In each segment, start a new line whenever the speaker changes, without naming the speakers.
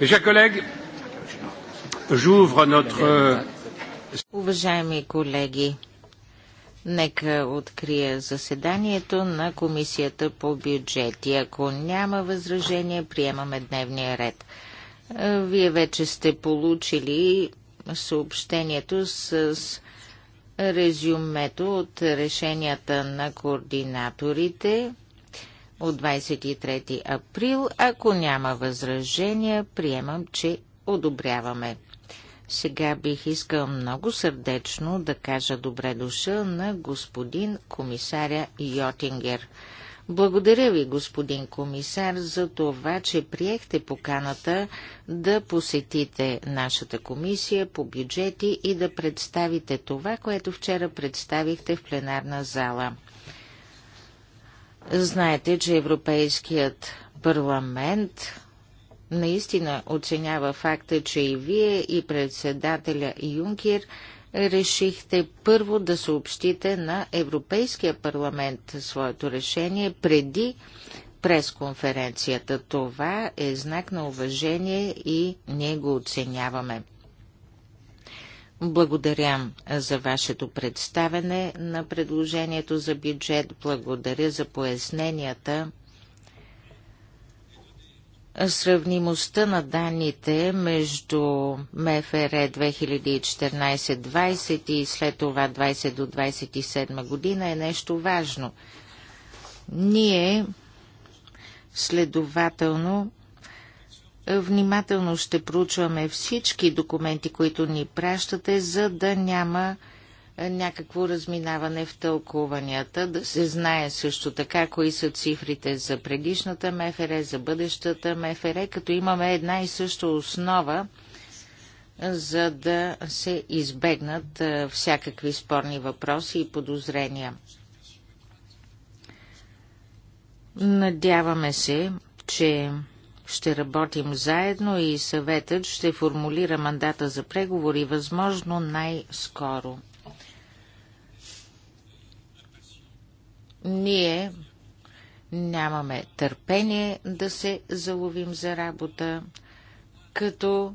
Mes chers collègues, j'ouvre notre. Euh,
Уважаеми колеги, нека открия заседанието на Комисията по бюджети. Ако няма възражение, приемаме дневния ред. Е, вие вече сте получили съобщението с резюмето от решенията на координаторите от 23 април. Ако няма възражения, приемам, че одобряваме. Сега бих искал много сърдечно да кажа добре душа на господин комисаря Йотингер. Благодаря ви, господин комисар, за това, че приехте поканата да посетите нашата комисия по бюджети и да представите това, което вчера представихте в пленарна зала. Знаете, че Европейският парламент наистина оценява факта, че и вие, и председателя Юнкер – решихте първо да съобщите на Европейския парламент своето решение преди пресконференцията. Това е знак на уважение и ние го оценяваме. Благодаря за вашето представене на предложението за бюджет. Благодаря за поясненията. Сравнимостта на данните между МФР 2014-20 и след това 20 до 27 година е нещо важно. Ние следователно внимателно ще проучваме всички документи, които ни пращате, за да няма някакво разминаване в тълкуванията, да се знае също така кои са цифрите за предишната МФР, за бъдещата МФР, като имаме една и съща основа, за да се избегнат всякакви спорни въпроси и подозрения. Надяваме се, че ще работим заедно и съветът ще формулира мандата за преговори възможно най-скоро. Ние нямаме търпение да се заловим за работа, като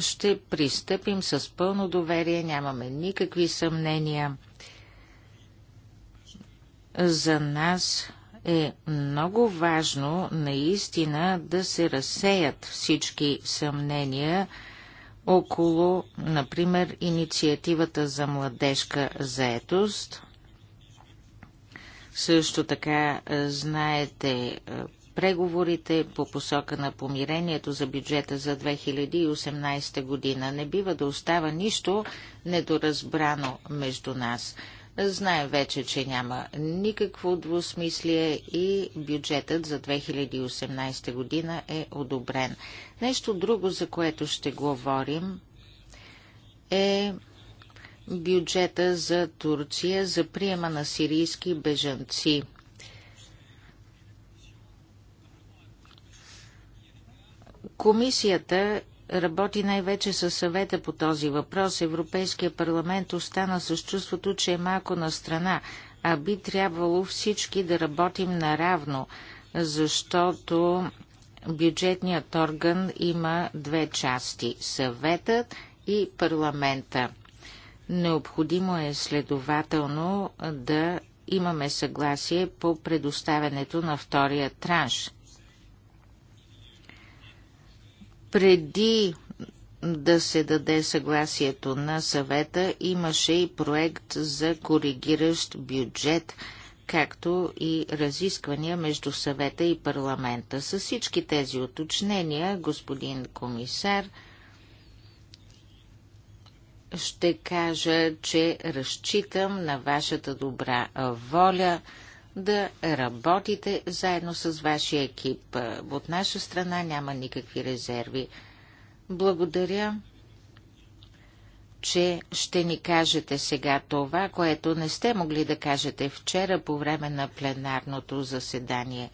ще пристъпим с пълно доверие, нямаме никакви съмнения. За нас е много важно наистина да се разсеят всички съмнения около, например, инициативата за младежка заетост – също така е, знаете е, преговорите по посока на помирението за бюджета за 2018 година. Не бива да остава нищо недоразбрано между нас. Знаем вече, че няма никакво двусмислие и бюджетът за 2018 година е одобрен. Нещо друго, за което ще говорим, е бюджета за Турция за приема на сирийски бежанци. Комисията работи най-вече със съвета по този въпрос. Европейския парламент остана с чувството, че е малко на страна, а би трябвало всички да работим наравно, защото бюджетният орган има две части – съветът и парламента. Необходимо е следователно да имаме съгласие по предоставянето на втория транш. Преди да се даде съгласието на съвета, имаше и проект за коригиращ бюджет, както и разисквания между съвета и парламента. С всички тези уточнения, господин комисар, ще кажа, че разчитам на вашата добра воля да работите заедно с вашия екип. От наша страна няма никакви резерви. Благодаря, че ще ни кажете сега това, което не сте могли да кажете вчера по време на пленарното заседание.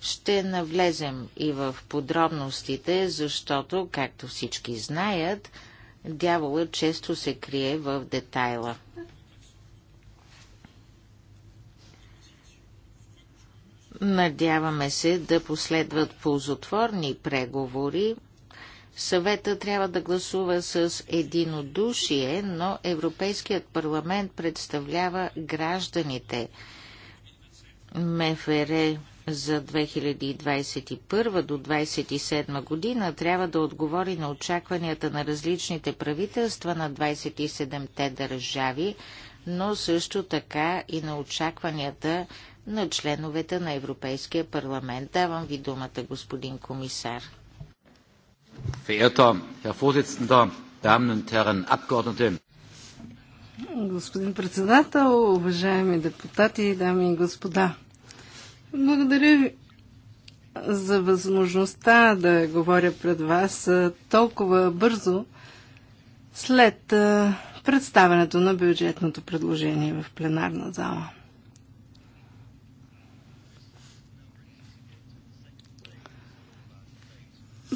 Ще навлезем и в подробностите, защото, както всички знаят, Дявола често се крие в детайла. Надяваме се да последват ползотворни преговори. Съвета трябва да гласува с единодушие, но Европейският парламент представлява гражданите. МФР за 2021 до 2027 година трябва да отговори на очакванията на различните правителства на 27-те държави, но също така и на очакванията на членовете на Европейския парламент. Давам ви думата, господин комисар. Господин председател,
уважаеми депутати, дами и господа! Благодаря ви за възможността да говоря пред вас толкова бързо след представенето на бюджетното предложение в пленарна зала.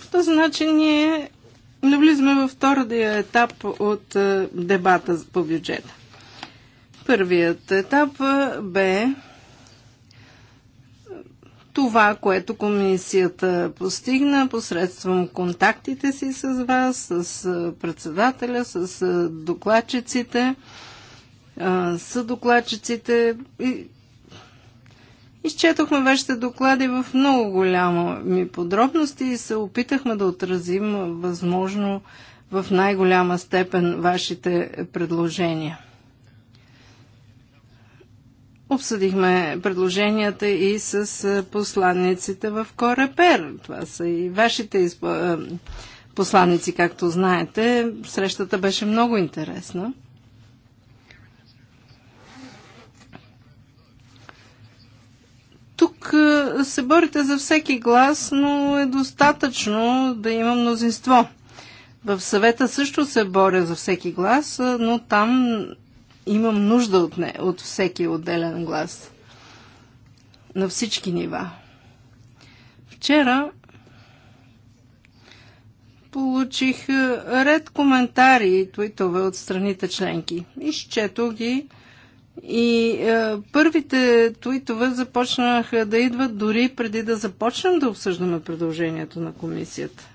В този начин ние навлизаме във втория етап от дебата по бюджета. Първият етап бе това, което комисията постигна посредством контактите си с вас, с председателя, с докладчиците, съдокладчиците. Изчетохме вашите доклади в много голяма ми подробности и се опитахме да отразим възможно в най-голяма степен вашите предложения. Обсъдихме предложенията и с посланниците в Корепер. Това са и вашите изп... посланници, както знаете. Срещата беше много интересна. Тук се борите за всеки глас, но е достатъчно да има мнозинство. В съвета също се боря за всеки глас, но там имам нужда от, не, от всеки отделен глас. На всички нива. Вчера получих е, ред коментари и твитове от страните членки. Изчетох ги и е, първите твитове започнаха да идват дори преди да започнем да обсъждаме предложението на комисията.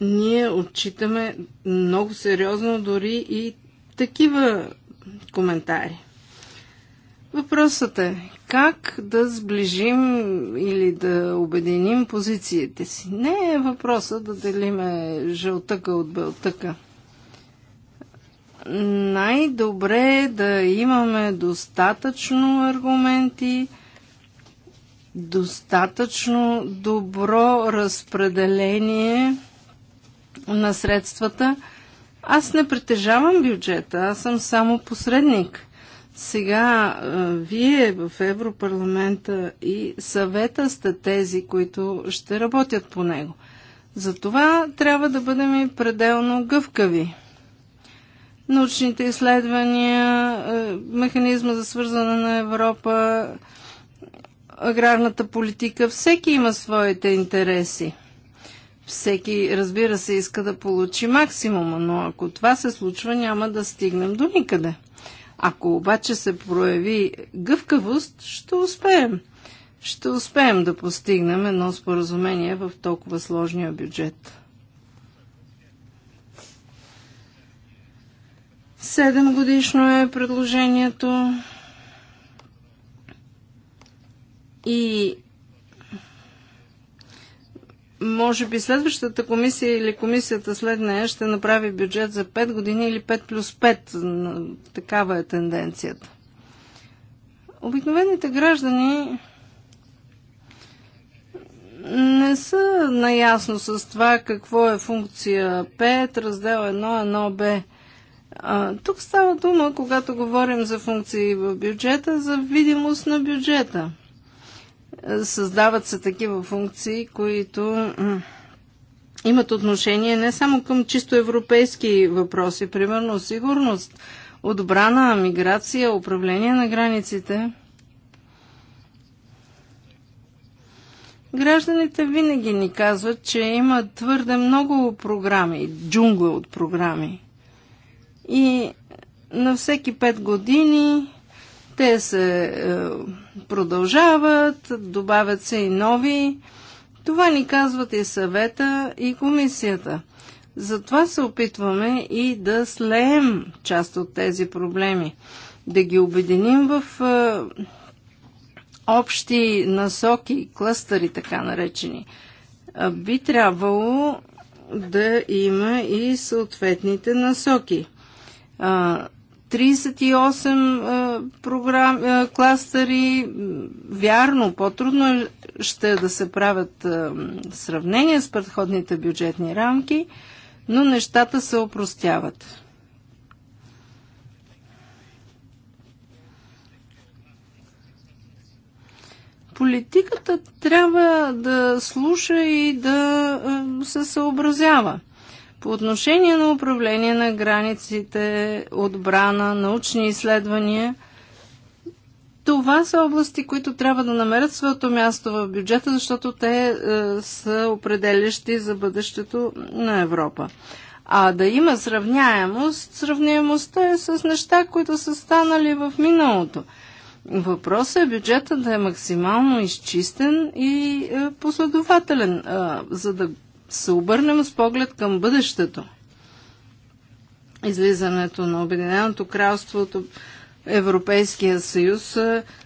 ние отчитаме много сериозно дори и такива коментари. Въпросът е как да сближим или да обединим позициите си. Не е въпроса да делиме жълтъка от белтъка. Най-добре е да имаме достатъчно аргументи, достатъчно добро разпределение – на средствата. Аз не притежавам бюджета, аз съм само посредник. Сега вие в Европарламента и съвета сте тези, които ще работят по него. Затова трябва да бъдем и пределно гъвкави. Научните изследвания, е, механизма за свързане на Европа, аграрната политика, всеки има своите интереси. Всеки, разбира се, иска да получи максимума, но ако това се случва, няма да стигнем до никъде. Ако обаче се прояви гъвкавост, ще успеем. Ще успеем да постигнем едно споразумение в толкова сложния бюджет. Седем годишно е предложението и може би следващата комисия или комисията след нея ще направи бюджет за 5 години или 5 плюс 5. Такава е тенденцията. Обикновените граждани не са наясно с това какво е функция 5, раздел 1, 1 Б. тук става дума, когато говорим за функции в бюджета, за видимост на бюджета. Създават се такива функции, които имат отношение не само към чисто европейски въпроси, примерно сигурност, отбрана, миграция, управление на границите. Гражданите винаги ни казват, че има твърде много програми, джунгла от програми. И на всеки пет години те се е, продължават, добавят се и нови. Това ни казват и съвета, и комисията. Затова се опитваме и да слеем част от тези проблеми, да ги обединим в е, общи насоки, клъстъри така наречени. Би трябвало да има и съответните насоки. 38 програм, кластъри. кластери. Вярно, по-трудно е, ще е да се правят сравнения с предходните бюджетни рамки, но нещата се опростяват. Политиката трябва да слуша и да се съобразява. По отношение на управление на границите, отбрана, научни изследвания, това са области, които трябва да намерят своето място в бюджета, защото те е, са определящи за бъдещето на Европа. А да има сравняемост, сравняемостта е с неща, които са станали в миналото. Въпросът е бюджета да е максимално изчистен и е, последователен. Е, за да се обърнем с поглед към бъдещето. Излизането на Обединеното кралство от Европейския съюз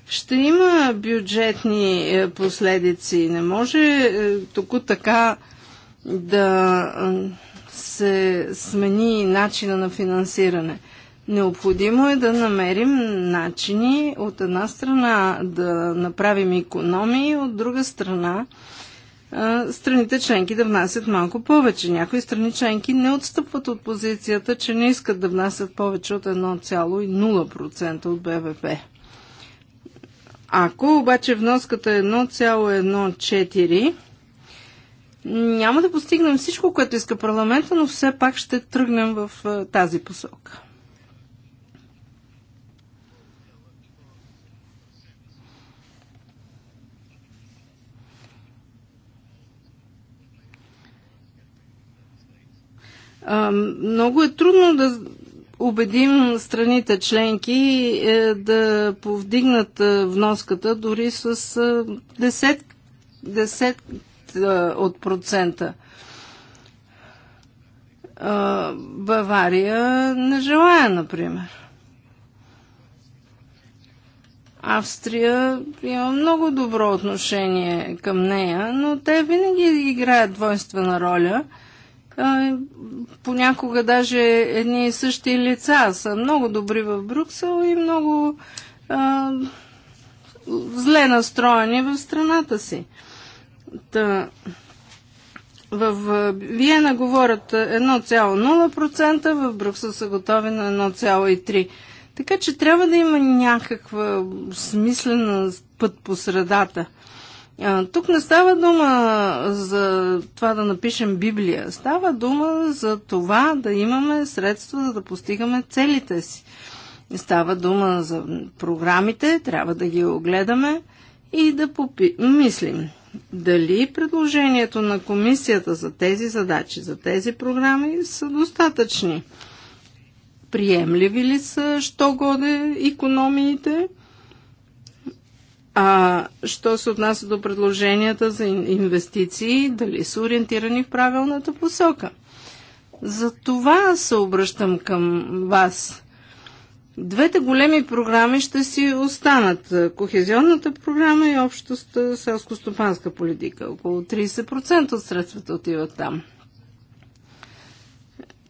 ще има бюджетни е, последици. Не може е, тук така да се смени начина на финансиране. Необходимо е да намерим начини от една страна да направим економии, от друга страна страните членки да внасят малко повече. Някои страни членки не отстъпват от позицията, че не искат да внасят повече от 1,0% от БВП. Ако обаче вноската е 1,14, няма да постигнем всичко, което иска парламента, но все пак ще тръгнем в тази
посока.
Много е трудно да убедим страните членки е, да повдигнат е, вноската дори с е, десет, десет от процента. Бавария не желая, например. Австрия има много добро отношение към нея, но те винаги играят двойствена роля – понякога даже едни и същи лица са много добри в Брюксел и много а, зле настроени в страната си. Та, в Виена говорят 1,0%, в Брюксел са готови на 1,3%. Така че трябва да има някаква смислена път по средата. А, тук не става дума за това да напишем Библия. Става дума за това да имаме средства за да постигаме целите си. Става дума за програмите, трябва да ги огледаме и да попи... мислим дали предложението на комисията за тези задачи, за тези програми са достатъчни. Приемливи ли са, що годе економиите? А що се отнася до предложенията за инвестиции, дали са ориентирани в правилната посока? За това се обръщам към вас. Двете големи програми ще си останат. Кохезионната програма и общата селско-стопанска политика. Около 30% от средствата отиват там.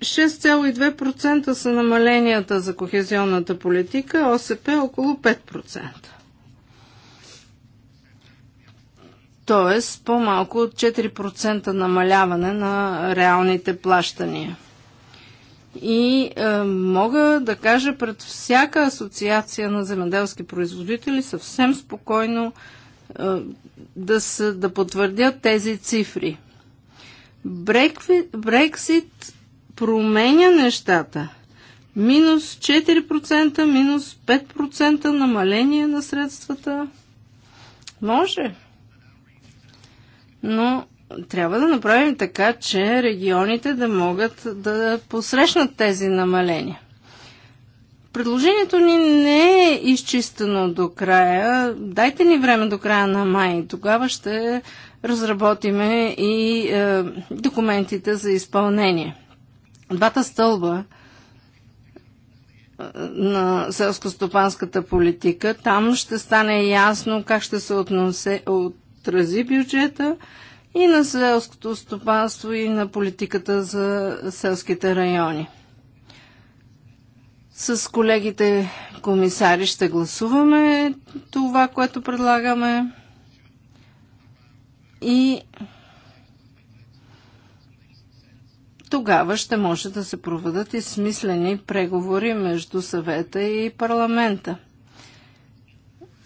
6,2% са намаленията за кохезионната политика, ОСП около 5%. т.е. по-малко от 4% намаляване на реалните плащания. И е, мога да кажа пред всяка асоциация на земеделски производители съвсем спокойно е, да, са, да потвърдят тези цифри. Брексит променя нещата. Минус 4%, минус 5% намаление на средствата. Може но трябва да направим така, че регионите да могат да посрещнат тези намаления. Предложението ни не е изчистено до края. Дайте ни време до края на май. Тогава ще разработиме и е, документите за изпълнение. Двата стълба е, на селско-стопанската политика. Там ще стане ясно как ще се отнесе, от, отрази бюджета и на селското стопанство и на политиката за селските райони. С колегите комисари ще гласуваме това, което предлагаме и тогава ще може да се проведат и смислени преговори между съвета и парламента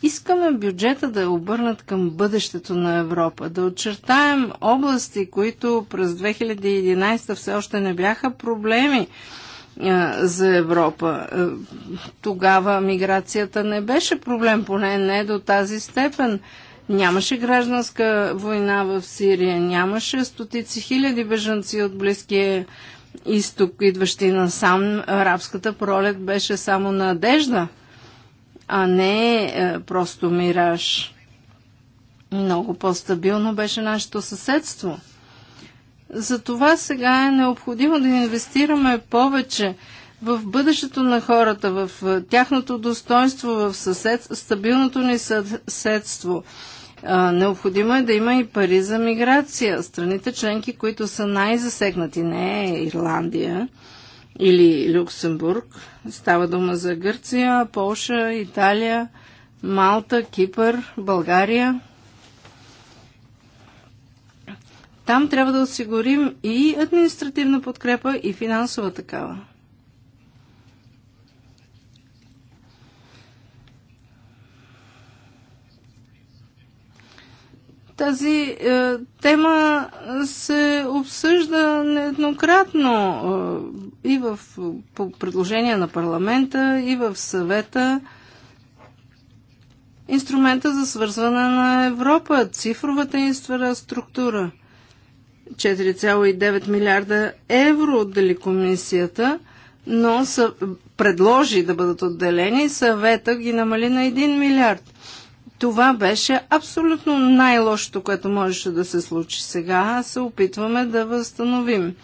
искаме бюджета да е обърнат към бъдещето на Европа, да очертаем области, които през 2011 все още не бяха проблеми за Европа. Тогава миграцията не беше проблем, поне не до тази степен. Нямаше гражданска война в Сирия, нямаше стотици хиляди бежанци от Близкия изток, идващи насам. Арабската пролет беше само надежда а не е, просто мираж. Много по-стабилно беше нашето съседство. Затова сега е необходимо да инвестираме повече в бъдещето на хората, в е, тяхното достоинство, в съсед... стабилното ни съседство. необходимо е да има и пари за миграция. Страните членки, които са най-засегнати, не е Ирландия, или Люксембург. Става дума за Гърция, Полша, Италия, Малта, Кипър, България. Там трябва да осигурим и административна подкрепа, и финансова такава. Тази е, тема се обсъжда нееднократно е, и в по предложения на парламента, и в съвета. Инструмента за свързване на Европа, цифровата инфраструктура. 4,9 милиарда евро отдели комисията, но са, предложи да бъдат отделени, съвета ги намали на 1 милиард. Това беше абсолютно най-лошото, което можеше да се случи. Сега се опитваме да възстановим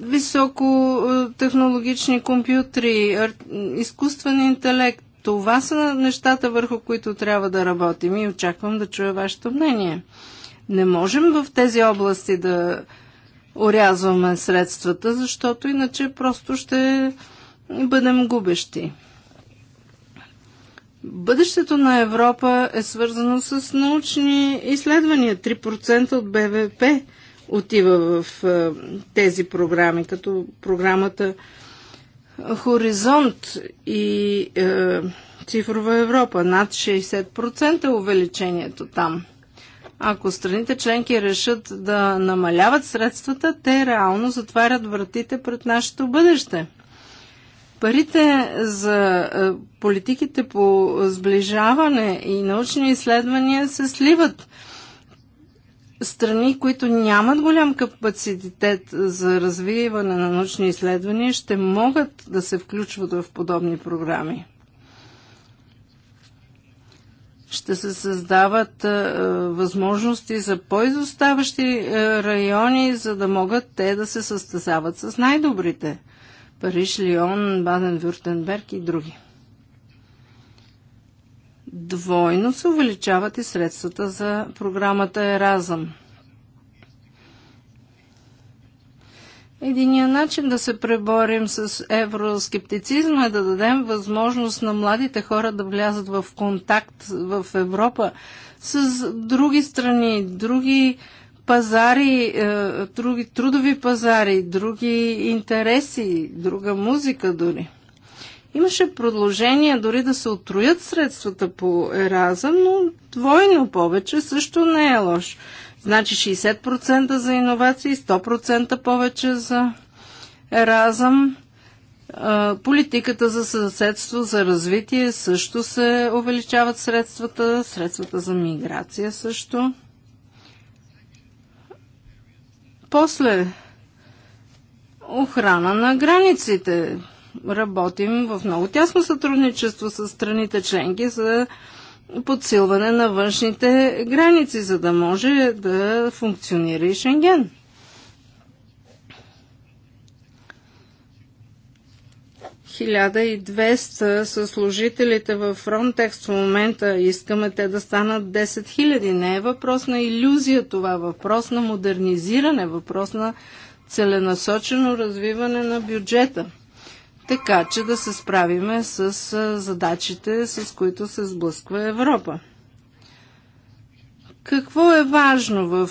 високо технологични компютри, изкуствен интелект. Това са нещата, върху които трябва да работим и очаквам да чуя вашето мнение. Не можем в тези области да орязваме средствата, защото иначе просто ще бъдем губещи. Бъдещето на Европа е свързано с научни изследвания. 3% от БВП отива в е, тези програми, като програмата Хоризонт и е, Цифрова Европа. Над 60% е увеличението там. Ако страните членки решат да намаляват средствата, те реално затварят вратите пред нашето бъдеще – Парите за е, политиките по сближаване и научни изследвания се сливат. Страни, които нямат голям капацитет за развиване на научни изследвания, ще могат да се включват в подобни програми ще се създават е, е възможности за по-изоставащи е, райони, за да могат те да се състезават с най-добрите. Париж, Лион, Баден-Вюртенберг и други. Двойно се увеличават и средствата за програмата Еразъм. Единият начин да се преборим с евроскептицизма е да дадем възможност на младите хора да влязат в контакт в Европа с други страни, други пазари, е, други трудови пазари, други интереси, друга музика дори. Имаше продължение дори да се отруят средствата по Еразъм, но двойно повече също не е лош. Значи 60% за иновации, 100% повече за Еразъм. Е, политиката за съседство, за развитие също се увеличават средствата, средствата за миграция също. После охрана на границите. Работим в много тясно сътрудничество с страните членки за подсилване на външните граници, за да може да функционира и Шенген. 1200 са служителите в Frontex в момента. Искаме те да станат 10 000. Не е въпрос на иллюзия това, въпрос на модернизиране, въпрос на целенасочено развиване на бюджета. Така че да се справиме с задачите, с които се сблъсква Европа. Какво е важно в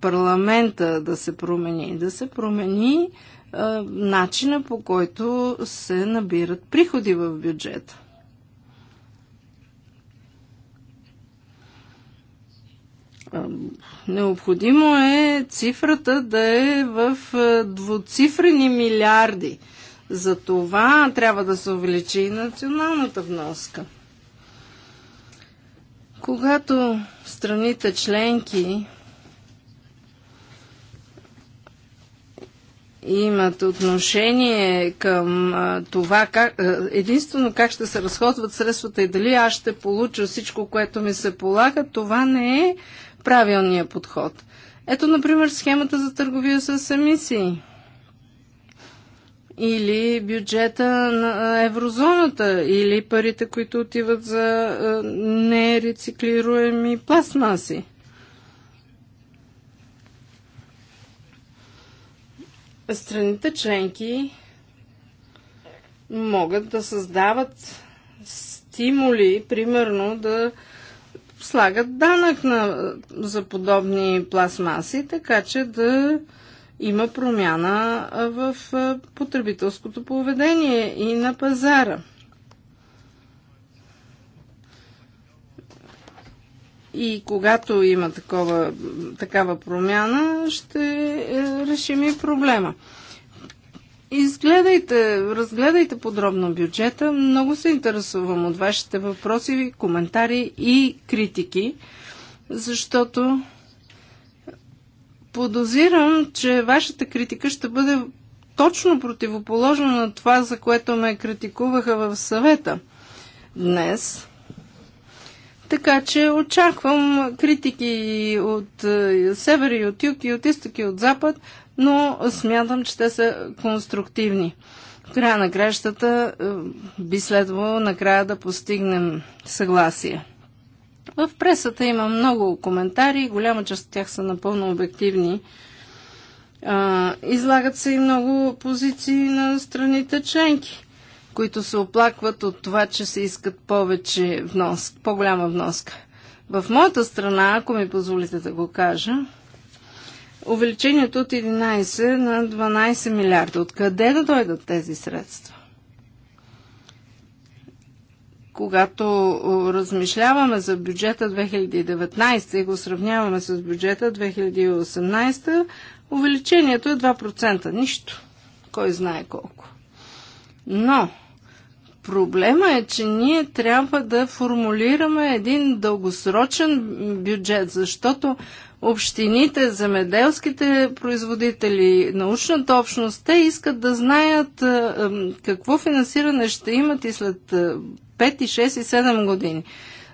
парламента да се промени? Да се промени е, начина по който се набират приходи в бюджета. Е, необходимо е цифрата да е в е, двуцифрени милиарди. За това трябва да се увеличи и националната вноска. Когато страните членки имат отношение към това, как, единствено как ще се разходват средствата и дали аз ще получа всичко, което ми се полага, това не е правилният подход. Ето, например, схемата за търговия с емисии или бюджета на еврозоната, или парите, които отиват за нерециклируеми пластмаси. страните членки могат да създават стимули, примерно да слагат данък на, за подобни пластмаси, така че да има промяна в потребителското поведение и на пазара. И когато има такова, такава промяна, ще е, решим и проблема. Изгледайте, разгледайте подробно бюджета. Много се интересувам от вашите въпроси, коментари и критики, защото подозирам, че вашата критика ще бъде точно противоположна на това, за което ме критикуваха в съвета днес. Така че очаквам критики от е, север и от юг и от изток и от запад, но смятам, че те са конструктивни. В края на кращата е, би следвало накрая да постигнем съгласие. В пресата има много коментари, голяма част от тях са напълно обективни. излагат се и много позиции на страните членки които се оплакват от това, че се искат повече внос, по-голяма вноска. В моята страна, ако ми позволите да го кажа, увеличението от 11 на 12 милиарда. Откъде да дойдат тези средства? Когато размишляваме за бюджета 2019 и го сравняваме с бюджета 2018, увеличението е 2%. Нищо. Кой знае колко. Но Проблема е, че ние трябва да формулираме един дългосрочен бюджет, защото общините, земеделските производители, научната общност, те искат да знаят е, какво финансиране ще имат и след 5, е, 6 и 7 години.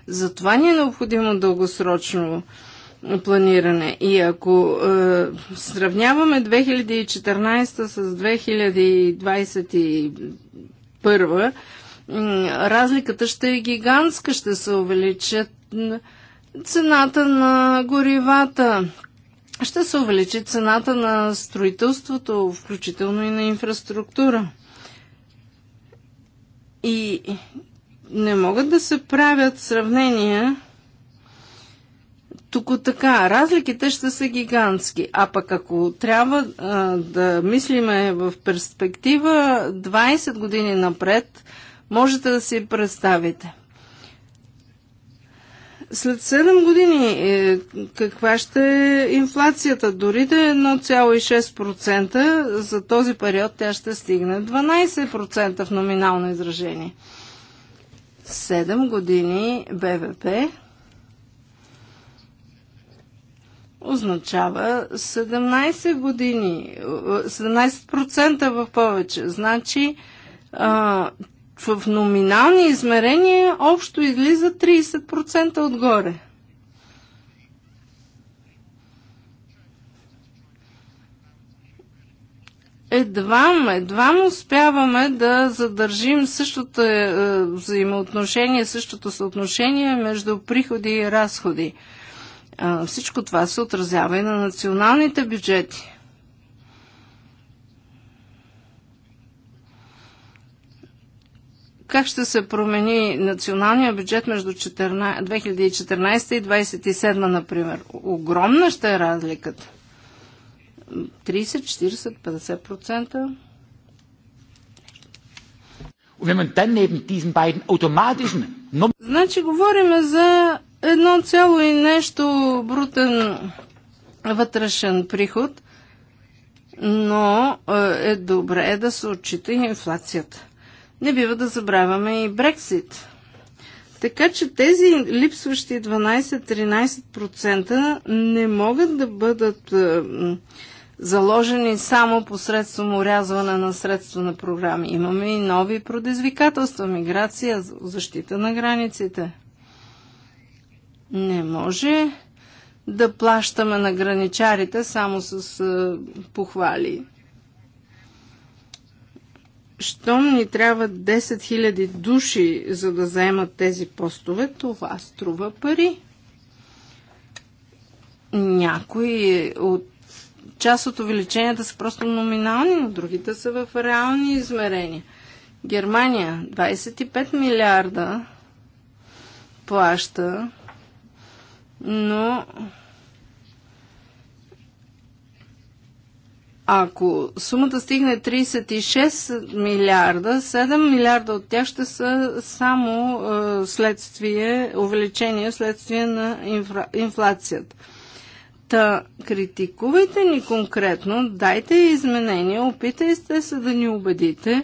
Затова ни е необходимо дългосрочно планиране. И ако е, сравняваме 2014 с 2021, разликата ще е гигантска, ще се увеличат цената на горивата, ще се увеличи цената на строителството, включително и на инфраструктура. И не могат да се правят сравнения тук така. Разликите ще са гигантски. А пък ако трябва а, да мислиме в перспектива 20 години напред, Можете да си представите. След 7 години е, каква ще е инфлацията? Дори да е 1,6%, за този период тя ще стигне 12% в номинално изражение. 7 години БВП означава 17 години, 17% е, в повече. Значи в номинални измерения общо излиза 30% отгоре. едвам, едвам успяваме да задържим същото е, е взаимоотношение, същото съотношение между приходи и разходи. всичко това се отразява и на националните бюджети. как ще се промени националния бюджет между 2014 и 2027, например. Огромна ще е разликата. 30,
40, 50%.
Значи говорим за едно цяло и нещо брутен вътрешен приход, но е, е добре да се отчита и инфлацията. Не бива да забравяме и Брексит. Така че тези липсващи 12-13% не могат да бъдат е, заложени само посредством урязване на средства на програми. Имаме и нови предизвикателства миграция, защита на границите. Не може да плащаме на граничарите само с е, похвали щом ни трябва 10 000 души, за да заемат тези постове, това струва пари. Някои от част от увеличенията са просто номинални, но другите са в реални измерения. Германия 25 милиарда плаща, но Ако сумата стигне 36 милиарда, 7 милиарда от тях ще са само е, следствие, увеличение следствие на инфра, инфлацията. Та, критикувайте ни конкретно, дайте изменения, опитайте се да ни убедите,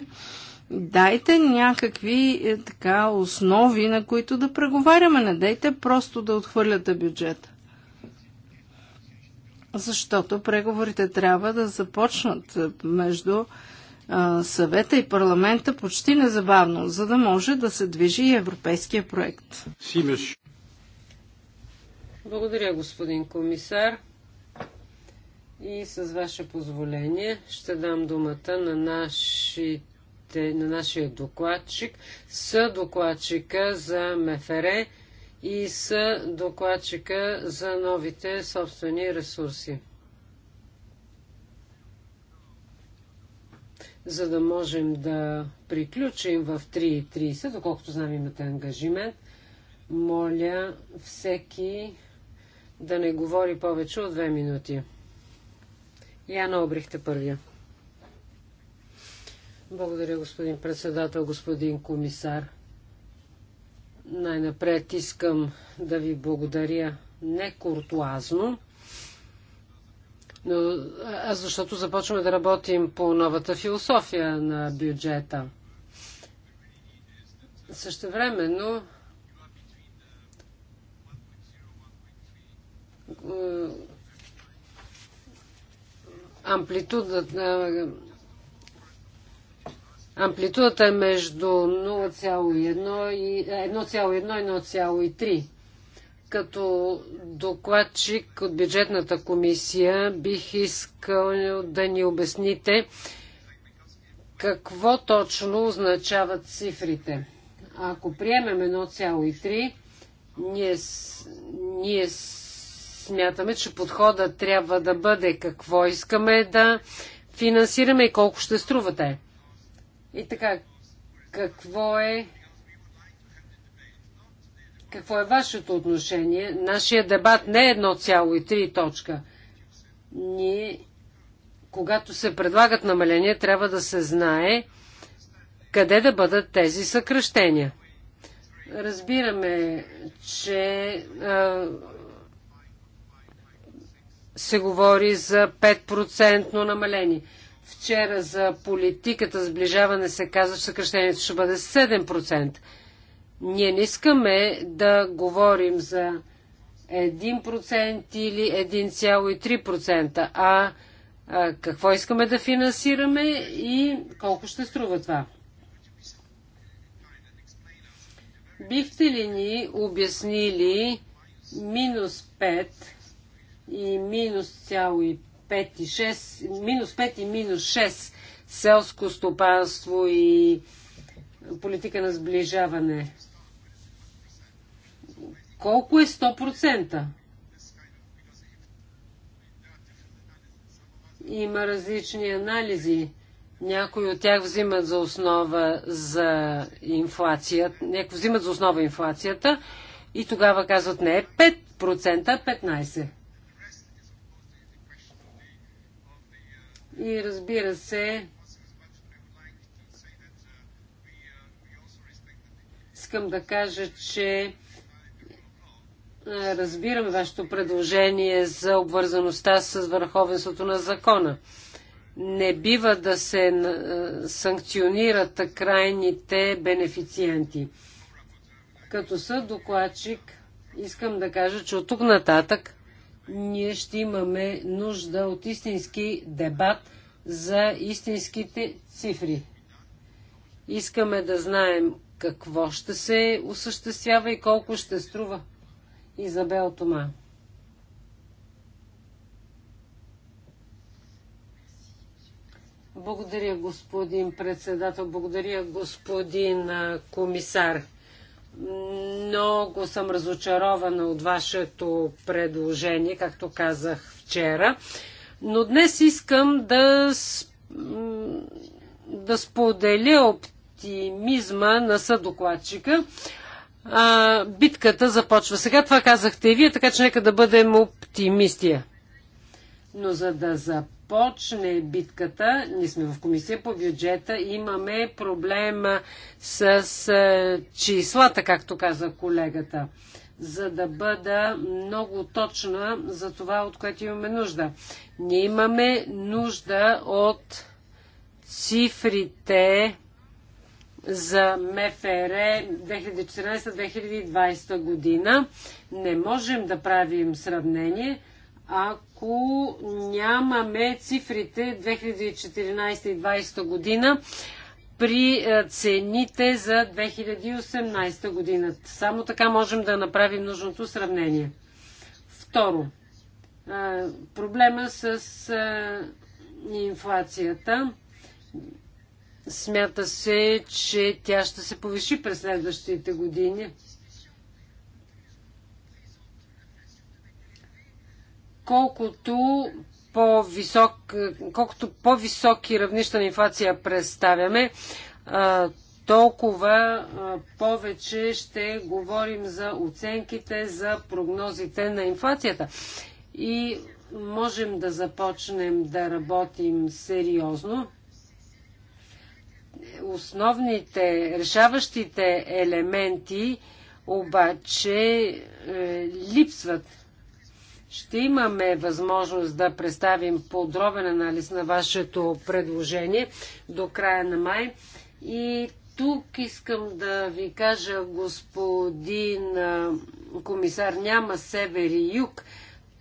дайте някакви е, така основи, на които да преговаряме, не дайте просто да отхвърляте бюджета защото преговорите трябва да започнат е, между съвета и парламента почти незабавно, за да може да се движи и европейския проект.
Симеш. Благодаря, господин комисар. И с ваше позволение ще дам думата на, нашите, на нашия докладчик, докладчика за МФР и с докладчика за новите собствени ресурси. За да можем да приключим в 3.30, доколкото знам имате ангажимент, моля всеки да не говори повече от две минути. Яна Обрихте първия. Благодаря, господин председател, господин комисар. Най-напред искам да ви благодаря не куртуазно, но а защото започваме да работим по новата философия на бюджета. Същевременно на. Е, Амплитудата е между 0,1 и 1,3. Е, Като докладчик от бюджетната комисия бих искал да ни обясните какво точно означават цифрите. Ако приемем 1,3, ние, ние смятаме, че подходът трябва да бъде какво искаме да финансираме и колко ще струва те. И така, какво е какво е вашето отношение? Нашия дебат не е 1,3 точка. Ние, когато се предлагат намаления, трябва да се знае къде да бъдат тези съкръщения. Разбираме, че а, се говори за 5% намаление. Вчера за политиката сближаване се каза, че съкръщението ще бъде 7%. Ние не искаме да говорим за 1% или 1,3%, а какво искаме да финансираме и колко ще струва това. Бихте ли ни обяснили минус 5 и минус цяло и 5 и 6, минус 5 и минус 6 селско стопанство и политика на сближаване. Колко е 100%? Има различни анализи. Някои от тях взимат за основа за инфлацията, някои взимат за основа инфлацията и тогава казват не 5%, а 15%. И разбира се, искам да кажа, че разбирам вашето предложение за обвързаността с върховенството на закона. Не бива да се санкционират крайните бенефициенти. Като съдокладчик искам да кажа, че от тук нататък ние ще имаме нужда от истински дебат за истинските цифри. Искаме да знаем какво ще се осъществява и колко ще струва. Изабел Тома. Благодаря, господин председател. Благодаря, господин комисар. Много съм разочарована от вашето предложение, както казах вчера. Но днес искам да, да споделя оптимизма на съдокладчика. А, битката започва. Сега това казахте и вие, така че нека да бъдем оптимистия. Но за да започнем започне битката. Ние сме в комисия по бюджета. Имаме проблем с е, числата, както каза колегата, за да бъда много точна за това, от което имаме нужда. Ние имаме нужда от цифрите за МФР 2014-2020 година. Не можем да правим сравнение – ако нямаме цифрите 2014 и 2020 година при е, цените за 2018 година. Само така можем да направим нужното сравнение. Второ, е, проблема с е, инфлацията. Смята се, че тя ще се повиши през следващите години. колкото по-висок, колкото по-високи равнища на инфлация представяме, толкова повече ще говорим за оценките, за прогнозите на инфлацията. И можем да започнем да работим сериозно. Основните, решаващите елементи обаче е, липсват ще имаме възможност да представим подробен анализ на вашето предложение до края на май. И тук искам да ви кажа, господин комисар, няма север и юг.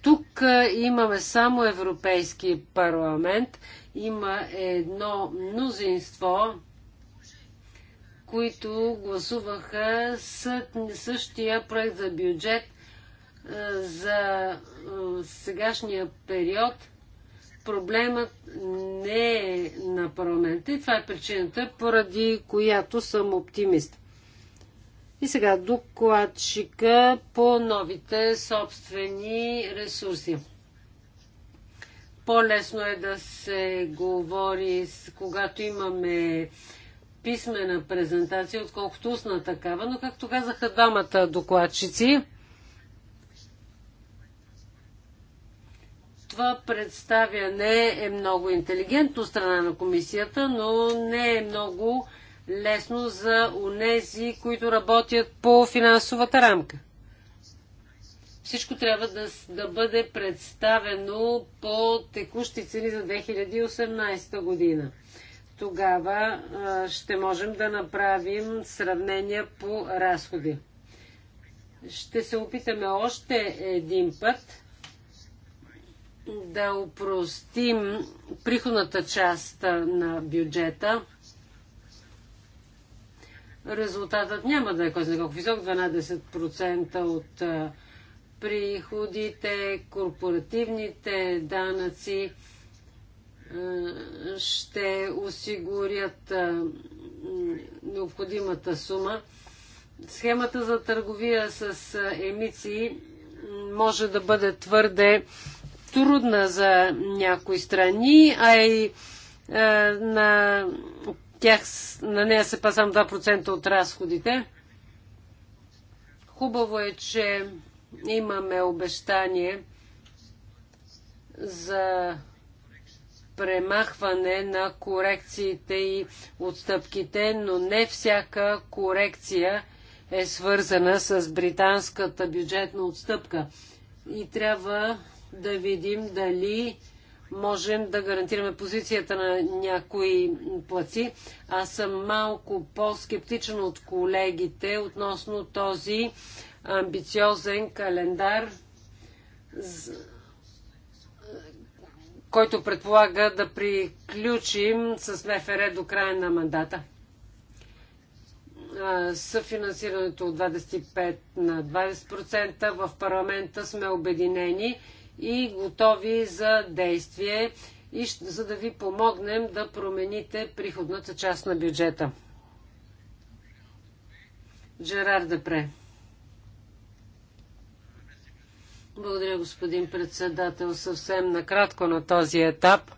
Тук имаме само Европейски парламент. Има едно мнозинство, които гласуваха същия проект за бюджет – за сегашния период проблемът не е на парламента и това е причината, поради която съм оптимист. И сега докладчика по новите собствени ресурси. По-лесно е да се говори, когато имаме писмена презентация, отколкото устна такава, но както казаха двамата докладчици, това представяне е много интелигентно страна на комисията, но не е много лесно за унези, които работят по финансовата рамка. Всичко трябва да, да бъде представено по текущи цени за 2018 година. Тогава а, ще можем да направим сравнения по разходи. Ще се опитаме още един път да упростим приходната част на бюджета. Резултатът няма да е кой знае колко висок, 12% от приходите, корпоративните данъци ще осигурят необходимата сума. Схемата за търговия с емисии може да бъде твърде трудна за някои страни, а и е, на, тях, на нея се па 2% от разходите. Хубаво е, че имаме обещание за премахване на корекциите и отстъпките, но не всяка корекция е свързана с британската бюджетна отстъпка. И трябва да видим дали можем да гарантираме позицията на някои плаци. Аз съм малко по-скептичен от колегите относно този амбициозен календар, който предполага да приключим с МФР до края на мандата. Съфинансирането от 25 на 20%. В парламента сме обединени и готови за действие, и за да ви помогнем да промените приходната част на бюджета. Жерар Депре. Благодаря, господин председател. Съвсем накратко на този етап.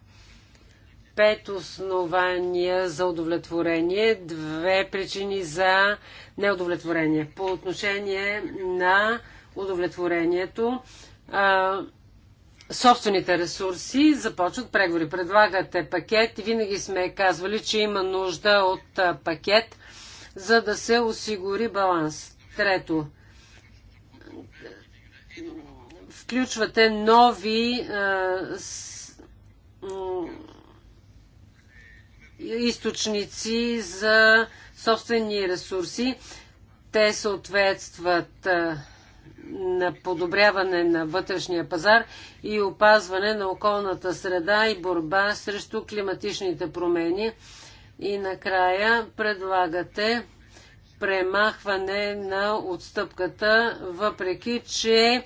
Пет основания за удовлетворение, две причини за неудовлетворение. По отношение на удовлетворението, собствените ресурси, започват преговори. Предлагате пакет и винаги сме казвали, че има нужда от пакет, за да се осигури баланс. Трето, включвате нови източници за собствени ресурси. Те съответстват а, на подобряване на вътрешния пазар и опазване на околната среда и борба срещу климатичните промени. И накрая предлагате премахване на отстъпката, въпреки че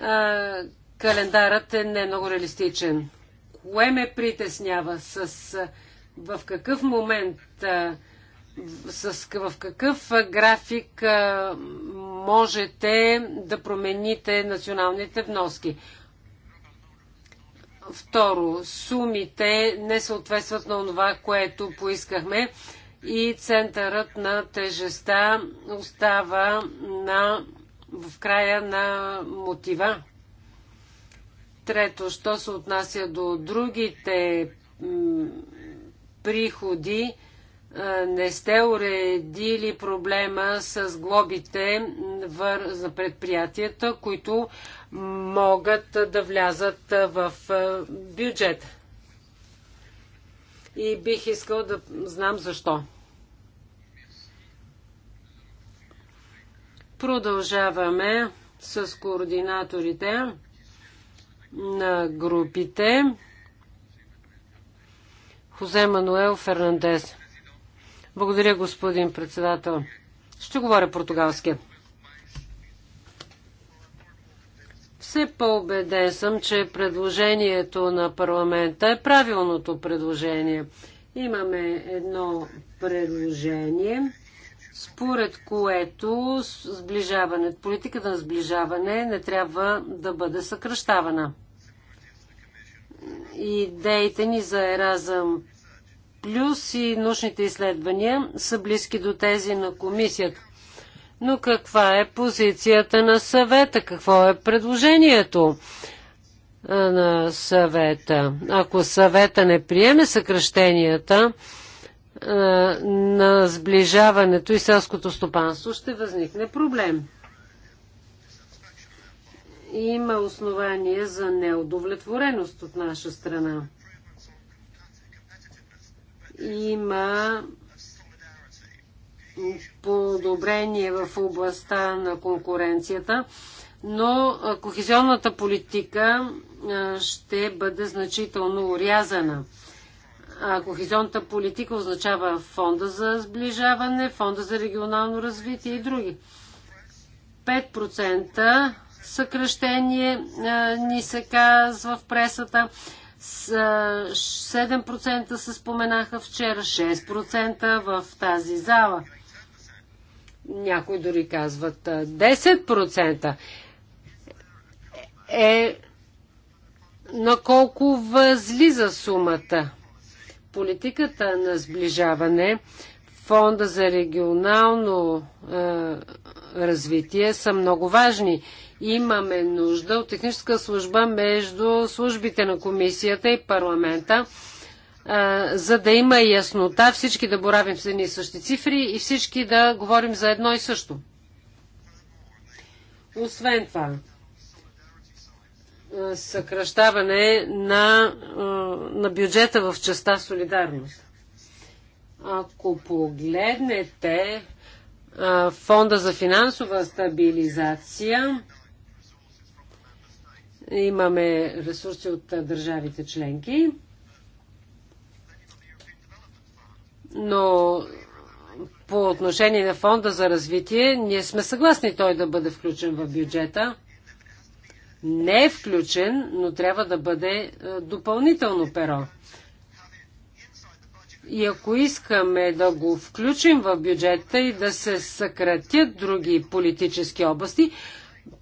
а, календарът е не много реалистичен. Кое ме притеснява? С, в какъв момент а, с, в какъв график можете да промените националните вноски? Второ, сумите не съответстват на това, което поискахме и центърът на тежеста остава на, в края на мотива. Трето, що се отнася до другите приходи, не сте уредили проблема с глобите за предприятията, които могат да влязат в бюджет. И бих искал да знам защо. Продължаваме с координаторите на групите. Хозе Мануел Фернандес. Благодаря, господин председател. Ще говоря португалски. Все по-убеден съм, че предложението на парламента е правилното предложение. Имаме едно предложение, според което сближаване, политиката на сближаване не трябва да бъде съкръщавана. Идеите ни за Еразъм плюс и научните изследвания са близки до тези на комисията. Но каква е позицията на съвета? Какво е предложението на съвета? Ако съвета не приеме съкръщенията на сближаването и селското стопанство, ще възникне проблем има основание за неудовлетвореност от наша страна има подобрение в областта на конкуренцията, но кохезионната политика ще бъде значително урязана. Кохезионната политика означава фонда за сближаване, фонда за регионално развитие и други. 5% съкръщение ни се казва в пресата. 7% се споменаха вчера, 6% в тази зала. Някои дори казват 10%. Е, на колко възлиза сумата? Политиката на сближаване, фонда за регионално е, развитие са много важни Имаме нужда от техническа служба между службите на комисията и парламента, за да има яснота, всички да боравим с едни и същи цифри и всички да говорим за едно и също. Освен това, съкръщаване на, на бюджета в частта солидарност. Ако погледнете фонда за финансова стабилизация, Имаме ресурси от държавите членки, но по отношение на фонда за развитие, ние сме съгласни той да бъде включен в бюджета. Не е включен, но трябва да бъде допълнително перо. И ако искаме да го включим в бюджета и да се съкратят други политически области,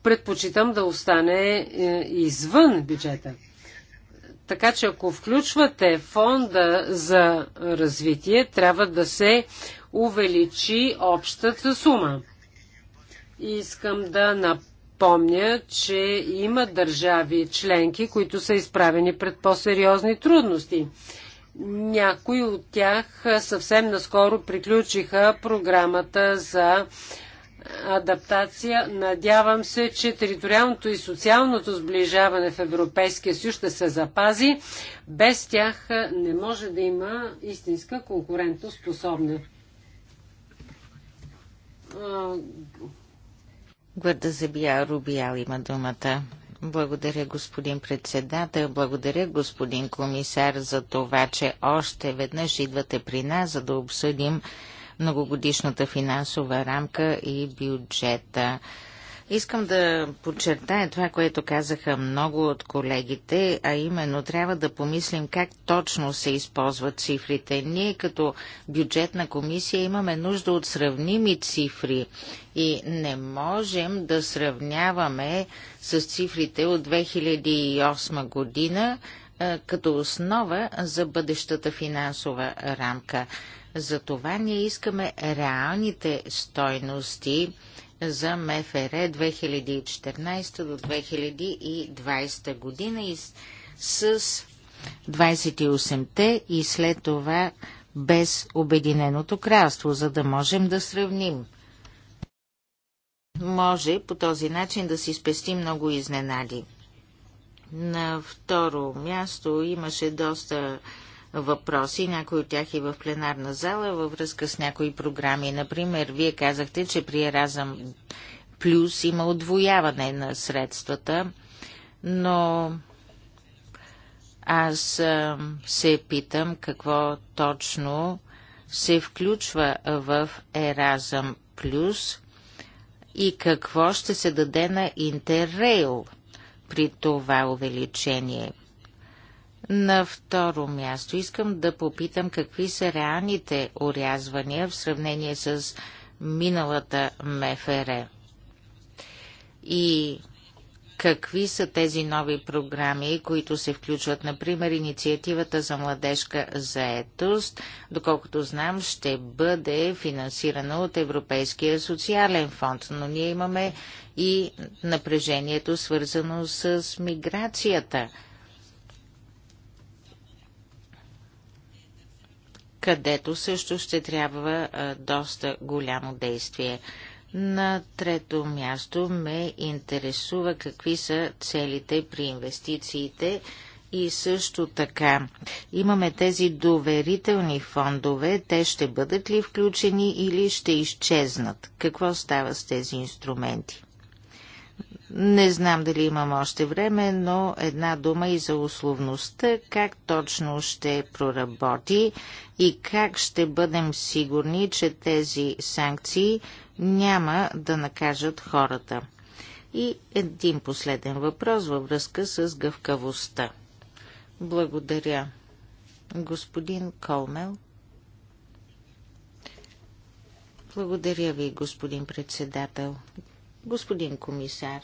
предпочитам да остане е, извън бюджета. Така че ако включвате фонда за развитие, трябва да се увеличи общата сума. Искам да напомня, че има държави членки, които са изправени пред по-сериозни трудности. Някои от тях съвсем наскоро приключиха програмата за адаптация. Надявам се, че териториалното и социалното сближаване в Европейския съюз ще се запази. Без тях не може да има истинска конкурентоспособна.
Гвърда Зебия Рубиял има думата. Благодаря, господин председател. Благодаря, господин комисар, за това, че още веднъж идвате при нас, за да обсъдим многогодишната финансова рамка и бюджета. Искам да подчертая това, което казаха много от колегите, а именно трябва да помислим как точно се използват цифрите. Ние като бюджетна комисия имаме нужда от сравними цифри и не можем да сравняваме с цифрите от 2008 година като основа за бъдещата финансова рамка. Затова ние искаме реалните стойности за МФР 2014 до 2020 година и с 28-те и след това без Обединеното кралство, за да можем да сравним. Може по този начин да си спести много изненади. На второ място имаше доста въпроси, някои от тях и в пленарна зала, във връзка с някои програми. Например, вие казахте, че при Еразъм Плюс има отвояване на средствата, но аз се питам какво точно се включва в Еразъм Плюс и какво ще се даде на Интеррейл при това увеличение – на второ място искам да попитам какви са реалните урязвания в сравнение с миналата МФР. И какви са тези нови програми, които се включват, например, инициативата за младежка заетост, доколкото знам, ще бъде финансирана от Европейския социален фонд, но ние имаме и напрежението свързано с миграцията – където също ще трябва доста голямо действие. На трето място ме интересува какви са целите при инвестициите и също така имаме тези доверителни фондове, те ще бъдат ли включени или ще изчезнат? Какво става с тези инструменти? Не знам дали имам още време, но една дума и за условността, как точно ще проработи и как ще бъдем сигурни, че тези санкции няма да накажат хората. И един последен въпрос във връзка с гъвкавостта. Благодаря. Господин Колмел. Благодаря ви, господин председател. Господин комисар,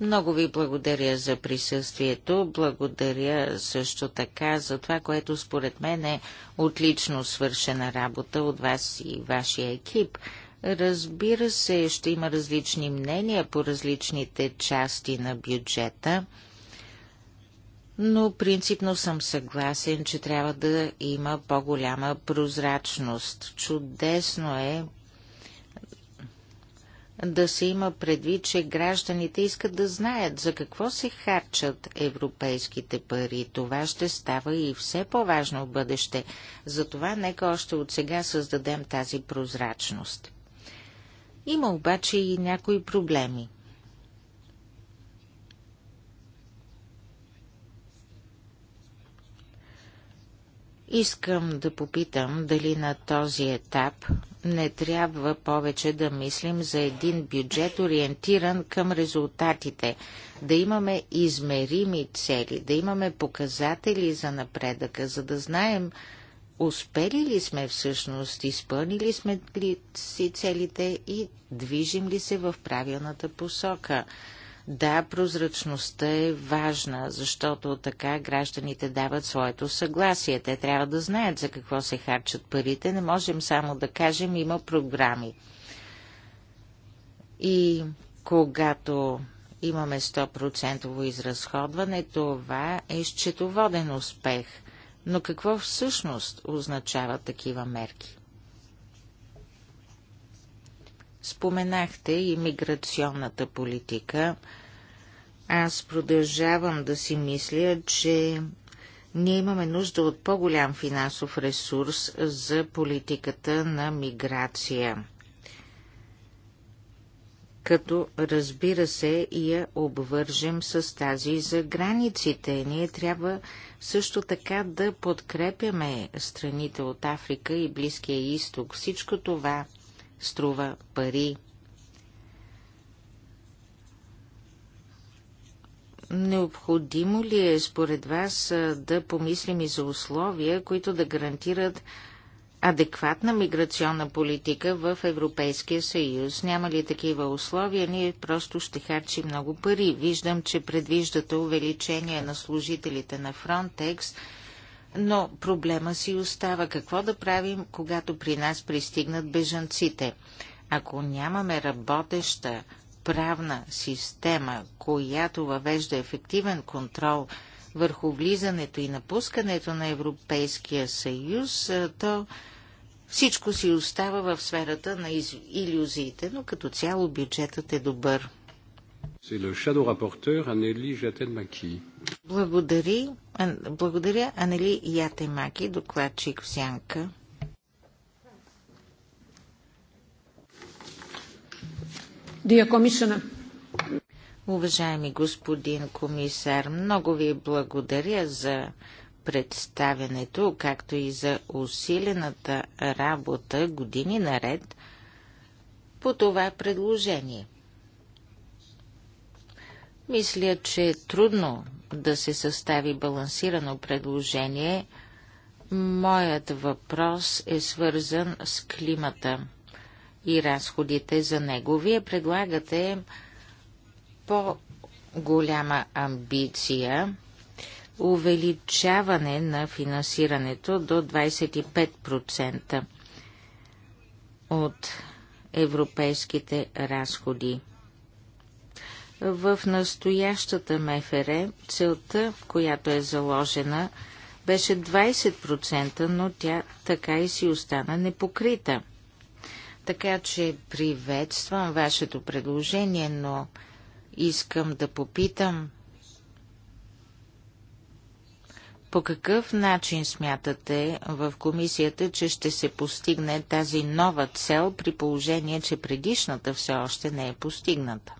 много ви благодаря за присъствието. Благодаря също така за това, което според мен е отлично свършена работа от вас и вашия екип. Разбира се, ще има различни мнения по различните части на бюджета, но принципно съм съгласен, че трябва да има по-голяма прозрачност. Чудесно е, да се има предвид, че гражданите искат да знаят за какво се харчат европейските пари. Това ще става и все по-важно в бъдеще. Затова нека още от сега създадем тази прозрачност. Има обаче и някои проблеми. Искам да попитам дали на този етап не трябва повече да мислим за един бюджет ориентиран към резултатите, да имаме измерими цели, да имаме показатели за напредъка, за да знаем успели ли сме всъщност, изпълнили сме ли си целите и движим ли се в правилната посока. Да, прозрачността е важна, защото така гражданите дават своето съгласие. Те трябва да знаят за какво се харчат парите. Не можем само да кажем, има програми. И когато имаме 100% изразходване, това е счетоводен успех. Но какво всъщност означават такива мерки? Споменахте и миграционната политика. Аз продължавам да си мисля, че ние имаме нужда от по-голям финансов ресурс за политиката на миграция. Като разбира се, я обвържем с тази за границите. Ние трябва също така да подкрепяме страните от Африка и Близкия изток. Всичко това струва пари. Необходимо ли е според вас да помислим и за условия, които да гарантират адекватна миграционна политика в Европейския съюз? Няма ли такива условия? Ние просто ще харчим много пари. Виждам, че предвиждате увеличение на служителите на Фронтекс – но проблема си остава какво да правим, когато при нас пристигнат бежанците. Ако нямаме работеща правна система, която въвежда ефективен контрол върху влизането и напускането на Европейския съюз, то всичко си остава в сферата на из... иллюзиите, но като цяло бюджетът е добър. Благодаря. Благодаря, Анели Ятемаки, докладчик Сянка. Уважаеми господин комисар, много ви благодаря за представянето, както и за усилената работа години наред по това предложение. Мисля, че е трудно да се състави балансирано предложение. Моят въпрос е свързан с климата и разходите за него. Вие предлагате по-голяма амбиция, увеличаване на финансирането до 25% от европейските разходи. В настоящата МФР целта, която е заложена, беше 20%, но тя така и си остана непокрита. Така че приветствам вашето предложение, но искам да попитам по какъв начин смятате в комисията, че ще се постигне тази нова цел при положение, че предишната все още не е постигната?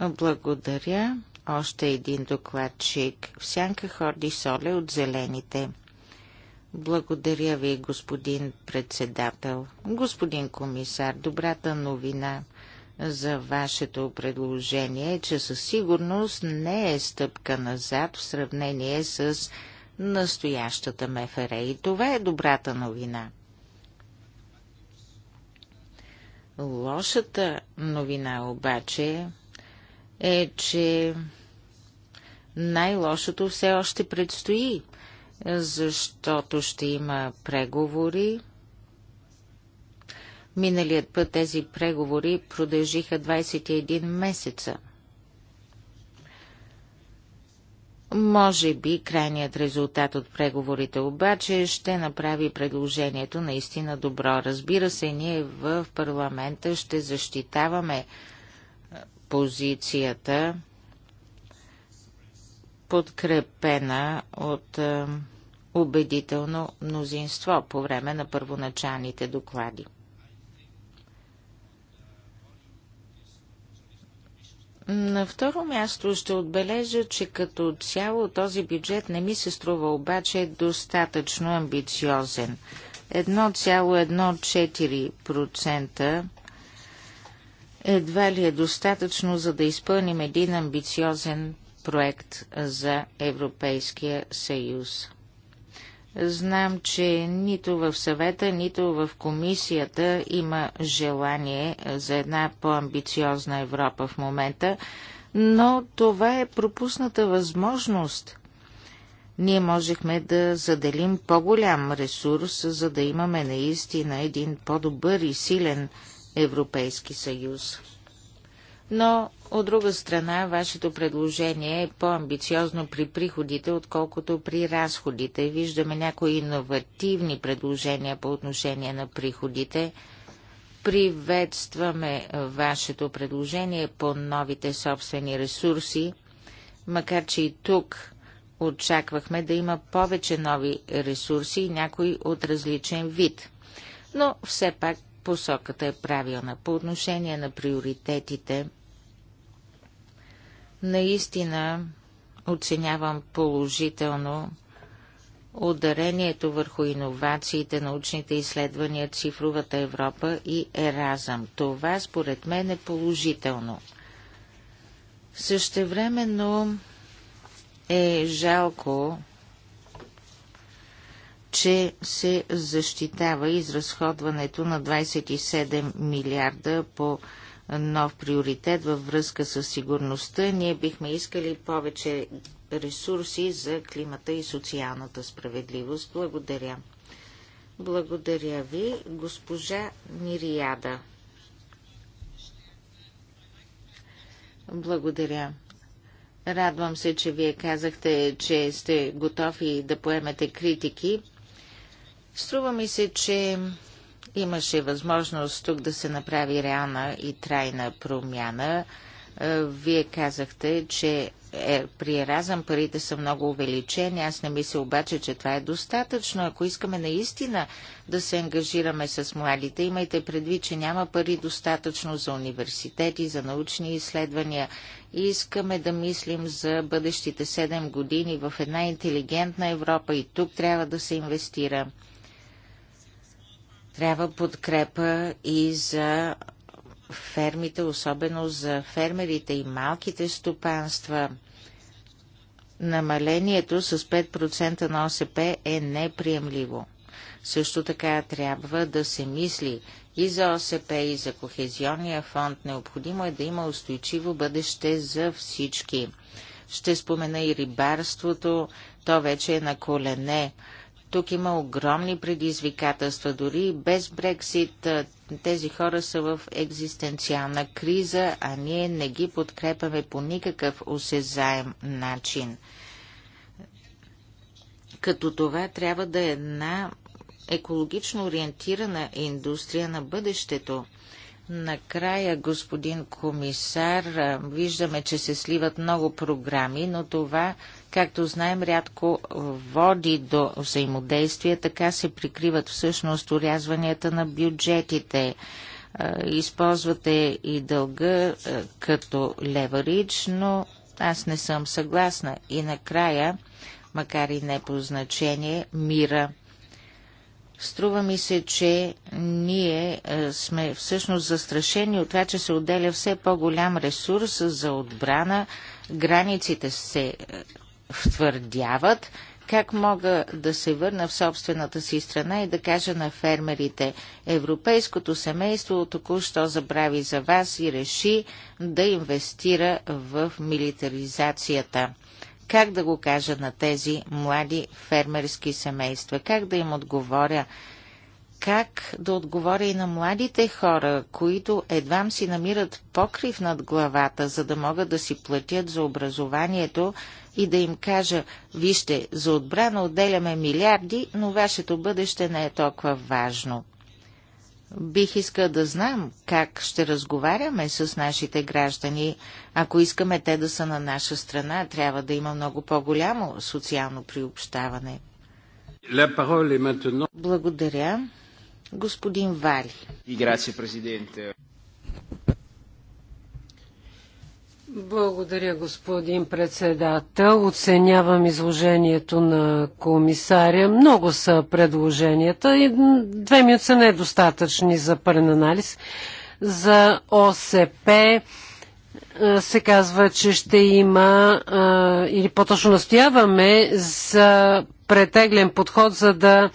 Благодаря. Още един докладчик. Всянка Хорди Соле от Зелените. Благодаря ви, господин председател. Господин комисар, добрата новина за вашето предложение е, че със сигурност не е стъпка назад в сравнение с настоящата МФР. И това е добрата новина. Лошата новина обаче е, е, че най-лошото все още предстои, защото ще има преговори. Миналият път тези преговори продължиха 21 месеца. Може би крайният резултат от преговорите обаче ще направи предложението наистина добро. Разбира се, ние в парламента ще защитаваме позицията, подкрепена от е, убедително мнозинство по време на първоначалните доклади. На второ място ще отбележа, че като цяло този бюджет не ми се струва обаче достатъчно амбициозен. 1,14% едва ли е достатъчно, за да изпълним един амбициозен проект за Европейския съюз. Знам, че нито в съвета, нито в комисията има желание за една по-амбициозна Европа в момента, но това е пропусната възможност. Ние можехме да заделим по-голям ресурс, за да имаме наистина един по-добър и силен Европейски съюз. Но, от друга страна, вашето предложение е по-амбициозно при приходите, отколкото при разходите. Виждаме някои иновативни предложения по отношение на приходите. Приветстваме вашето предложение по новите собствени ресурси, макар че и тук очаквахме да има повече нови ресурси и някои от различен вид. Но все пак посоката е правилна. По отношение на приоритетите, наистина оценявам положително ударението върху иновациите, научните изследвания, цифровата Европа и Еразъм. Това според мен е положително. Същевременно е жалко, че се защитава изразходването на 27 милиарда по нов приоритет във връзка с сигурността. Ние бихме искали повече ресурси за климата и социалната справедливост. Благодаря. Благодаря ви, госпожа Нириада. Благодаря. Радвам се, че вие казахте, че сте готови да поемете критики. Струва ми се, че имаше възможност тук да се направи реална и трайна промяна. Е, вие казахте, че е, при Еразъм парите са много увеличени. Аз не мисля обаче, че това е достатъчно. Ако искаме наистина да се ангажираме с младите, имайте предвид, че няма пари достатъчно за университети, за научни изследвания. И искаме да мислим за бъдещите 7 години в една интелигентна Европа и тук трябва да се инвестира. Трябва подкрепа и за фермите, особено за фермерите и малките стопанства. Намалението с 5% на ОСП е неприемливо. Също така трябва да се мисли и за ОСП, и за Кохезионния фонд. Необходимо е да има устойчиво бъдеще за всички. Ще спомена и рибарството, то вече е на колене. Тук има огромни предизвикателства, дори и без Брексит. Тези хора са в екзистенциална криза, а ние не ги подкрепяме по никакъв осезаем начин. Като това трябва да е една екологично ориентирана индустрия на бъдещето. Накрая, господин комисар, виждаме, че се сливат много програми, но това както знаем, рядко води до взаимодействие, така се прикриват всъщност урязванията на бюджетите. Е, използвате и дълга е, като леварич, но аз не съм съгласна. И накрая, макар и не по значение, мира. Струва ми се, че ние е, сме всъщност застрашени от това, че се отделя все по-голям ресурс за отбрана. Границите се твърдяват, как мога да се върна в собствената си страна и да кажа на фермерите, европейското семейство току-що забрави за вас и реши да инвестира в милитаризацията? Как да го кажа на тези млади фермерски семейства? Как да им отговоря? Как да отговоря и на младите хора, които едвам си намират покрив над главата, за да могат да си платят за образованието и да им кажа, вижте, за отбрана отделяме милиарди, но вашето бъдеще не е толкова важно. Бих искал да знам как ще разговаряме с нашите граждани. Ако искаме те да са на наша страна, трябва да има много по-голямо социално приобщаване.
Благодаря.
Господин Вали.
И грация,
благодаря, господин председател. Оценявам изложението на комисаря. Много са предложенията и две минути са недостатъчни за пълен анализ. За ОСП се казва, че ще има, или по-точно настояваме за претеглен подход, за да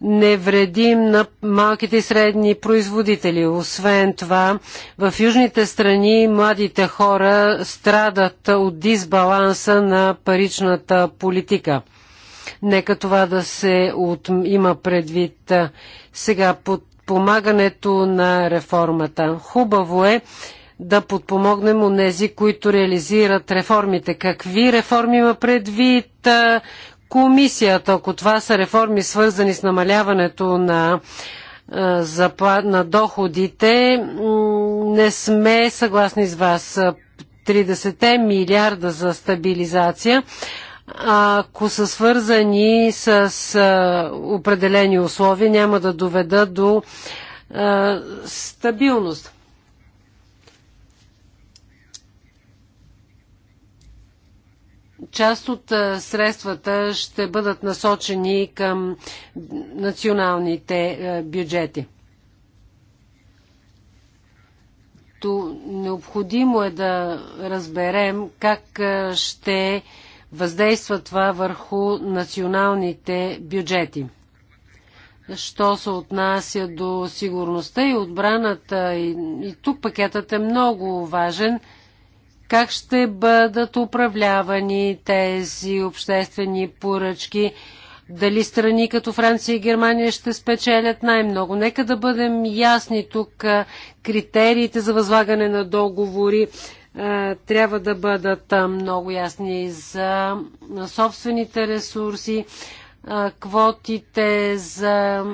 не вредим на малките и средни производители. Освен това, в южните страни младите хора страдат от дисбаланса на паричната политика. Нека това да се от... има предвид сега подпомагането на реформата. Хубаво е да подпомогнем онези, които реализират реформите. Какви реформи има предвид комисията, ако това са реформи свързани с намаляването на, на доходите, не сме съгласни с вас. 30 милиарда за стабилизация, ако са свързани с определени условия, няма да доведа до стабилност. Част от средствата ще бъдат насочени към националните бюджети. То необходимо е да разберем как ще въздейства това върху националните бюджети. Що се отнася до сигурността и отбраната, и, и тук пакетът е много важен – как ще бъдат управлявани тези обществени поръчки, дали страни като Франция и Германия ще спечелят най-много. Нека да бъдем ясни тук критериите за възлагане на договори трябва да бъдат много ясни за собствените ресурси, квотите за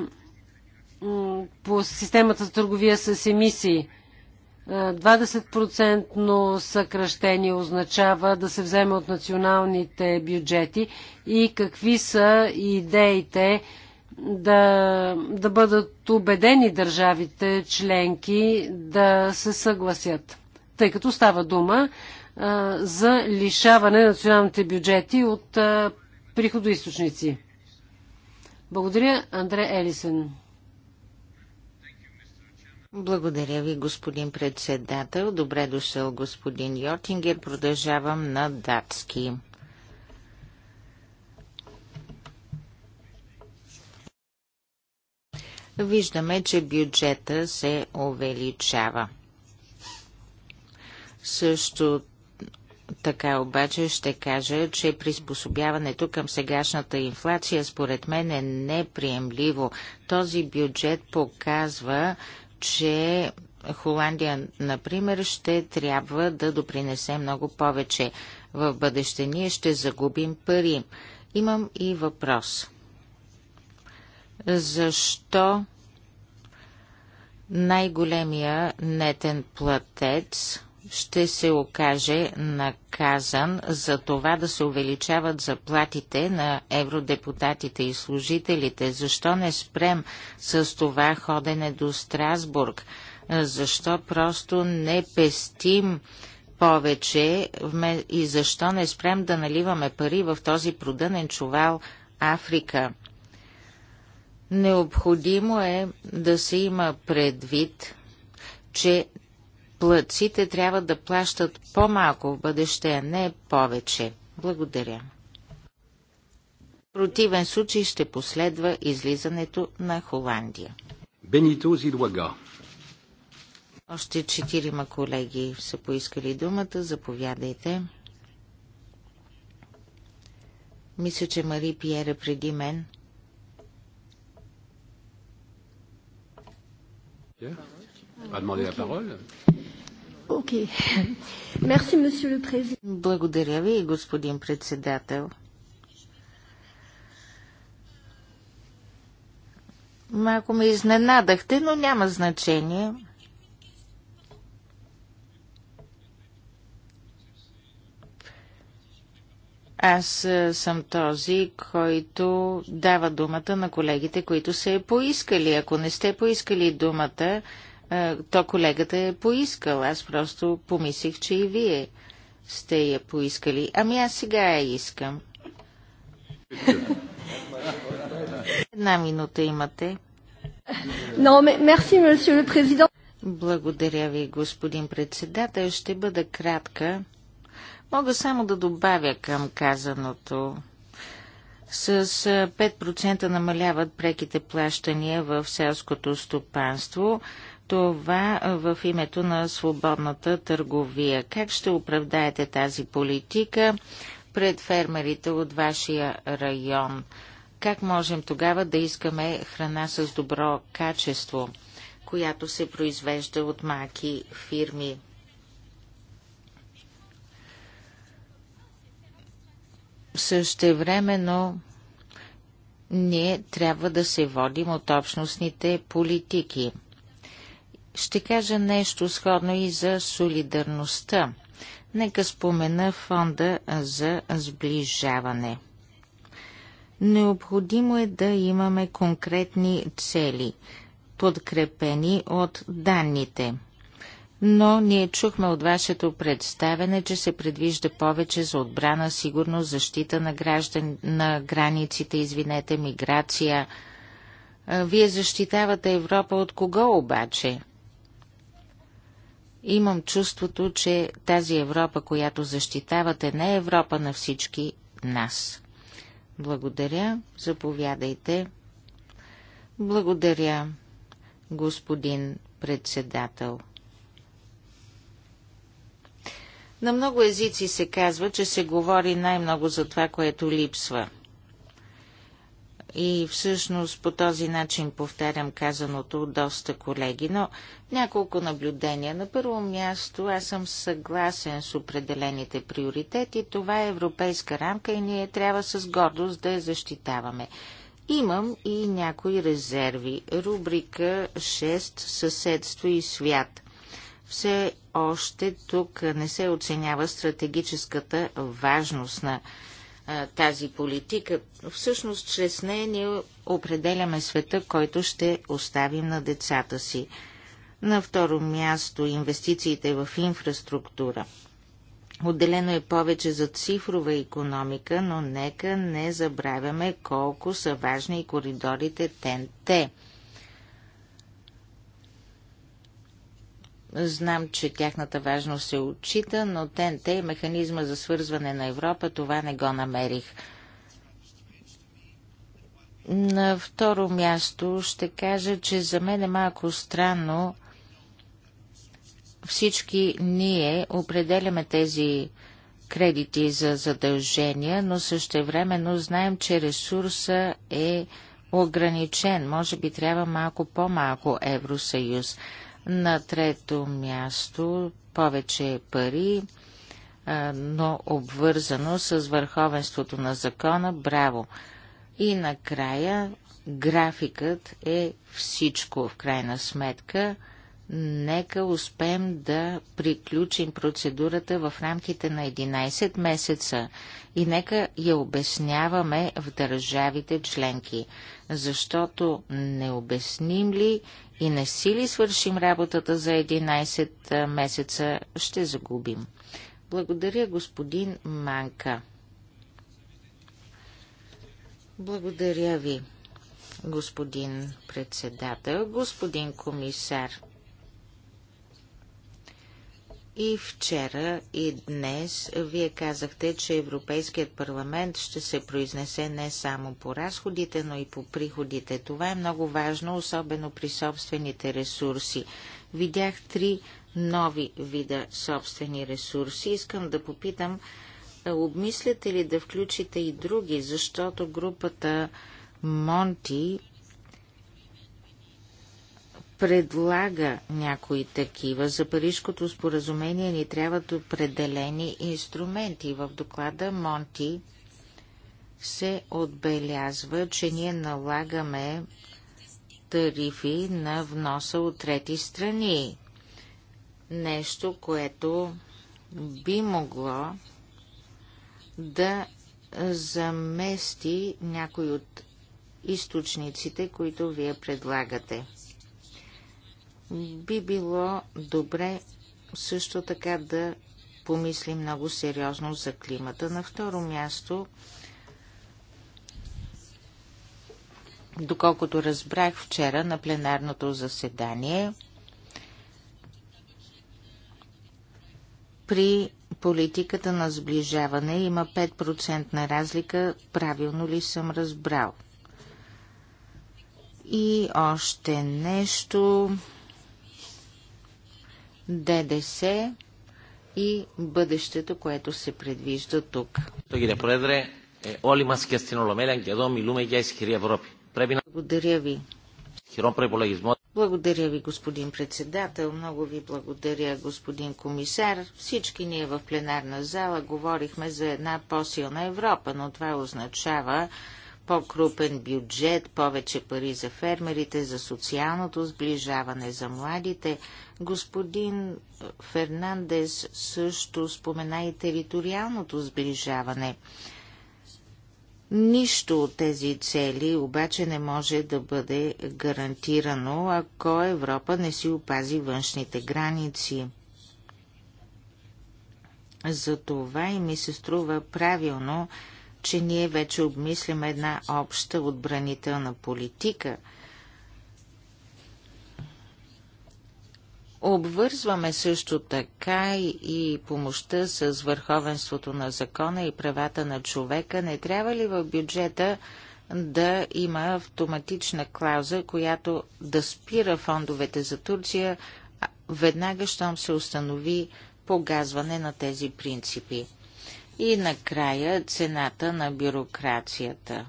по системата за търговия с емисии. 20% е, съкръщение означава да се вземе от националните бюджети и какви са идеите да, да бъдат убедени държавите членки да се съгласят. Тъй като става дума а, е, за лишаване на националните бюджети от а, е, приходоисточници. Благодаря,
Андре Елисен. Благодаря ви, господин председател. Добре дошъл, господин Йотингер. Продължавам на датски. Виждаме, че бюджета се увеличава. Също така обаче ще кажа, че приспособяването към сегашната инфлация според мен е неприемливо. Този бюджет показва, че Холандия, например, ще трябва да допринесе много повече. В бъдеще ние ще загубим пари. Имам и въпрос. Защо най-големия нетен платец ще се окаже наказан за това да се увеличават заплатите на евродепутатите и служителите. Защо не спрем с това ходене до Страсбург? Защо просто не пестим повече и защо не спрем да наливаме пари в този продънен чувал Африка? Необходимо е да се има предвид, че плъците трябва да плащат по-малко в бъдеще, а не повече. Благодаря. В противен случай ще последва излизането на Холандия.
Бенито Зидуага.
Още четирима колеги са поискали думата. Заповядайте. Мисля, че Мари Пиера преди мен.
Yeah. A
Okay. Merci, Благодаря ви, господин председател. Малко ме изненадахте, но няма значение. Аз съм този, който дава думата на колегите, които се е поискали. Ако не сте поискали думата, то колегата е поискал. Аз просто помислих, че и вие сте я поискали. Ами аз сега я искам. Една минута имате. Благодаря ви, господин председател. Ще бъда кратка. Мога само да добавя към казаното. С 5% намаляват преките плащания в селското стопанство. Това в името на свободната търговия. Как ще оправдаете тази политика пред фермерите от вашия район? Как можем тогава да искаме храна с добро качество, която се произвежда от маки фирми? Същевременно ние трябва да се водим от общностните политики – ще кажа нещо сходно и за солидарността. Нека спомена фонда за сближаване. Необходимо е да имаме конкретни цели, подкрепени от данните. Но ние чухме от вашето представене, че се предвижда повече за отбрана, сигурност, защита на, граждан, на границите, извинете, миграция. Вие защитавате Европа от кого обаче? Имам чувството, че тази Европа, която защитавате, не е Европа на всички нас. Благодаря. Заповядайте. Благодаря, господин председател. На много езици се казва, че се говори най-много за това, което липсва. И всъщност по този начин повтарям казаното от доста колеги, но няколко наблюдения. На първо място аз съм съгласен с определените приоритети. Това е европейска рамка и ние трябва с гордост да я защитаваме. Имам и някои резерви. Рубрика 6 Съседство и свят. Все още тук не се оценява стратегическата важност на а, тази политика. Всъщност, чрез нея ние определяме света, който ще оставим на децата си. На второ място инвестициите в инфраструктура. Отделено е повече за цифрова економика, но нека не забравяме колко са важни и коридорите ТНТ. Знам, че тяхната важност се отчита, но ТНТ и е механизма за свързване на Европа това не го намерих. На второ място ще кажа, че за мен е малко странно всички ние определяме тези кредити за задължения, но същевременно знаем, че ресурса е ограничен. Може би трябва малко по-малко Евросъюз. На трето място повече пари, но обвързано с върховенството на закона. Браво! И накрая графикът е всичко в крайна сметка. Нека успеем да приключим процедурата в рамките на 11 месеца и нека я обясняваме в държавите членки защото не обясним ли и не си ли свършим работата за 11 месеца, ще загубим. Благодаря, господин Манка. Благодаря ви, господин председател, господин комисар. И вчера и днес вие казахте, че Европейският парламент ще се произнесе не само по разходите, но и по приходите. Това е много важно, особено при собствените ресурси. Видях три нови вида собствени ресурси. Искам да попитам, обмисляте ли да включите и други, защото групата Монти предлага някои такива. За Парижкото споразумение ни трябват определени инструменти. В доклада Монти се отбелязва, че ние налагаме тарифи на вноса от трети страни. Нещо, което би могло да замести някой от източниците, които вие предлагате. Би било добре също така да помисли много сериозно за климата. На второ място, доколкото разбрах вчера на пленарното заседание, при политиката на сближаване има 5% на разлика, правилно ли съм разбрал? И още нещо ДДС и бъдещето, което се предвижда тук.
Е, е благодаря
ви. Благодаря ви, господин председател. Много ви благодаря, господин комисар. Всички ние в пленарна зала говорихме за една по-силна Европа, но това означава, по-крупен бюджет, повече пари за фермерите, за социалното сближаване, за младите. Господин Фернандес също спомена и териториалното сближаване. Нищо от тези цели обаче не може да бъде гарантирано, ако Европа не си опази външните граници. Затова и ми се струва правилно, че ние вече обмисляме една обща отбранителна политика. Обвързваме също така и помощта с върховенството на закона и правата на човека. Не трябва ли в бюджета да има автоматична клауза, която да спира фондовете за Турция веднага, щом се установи погазване на тези принципи? И накрая цената на бюрокрацията.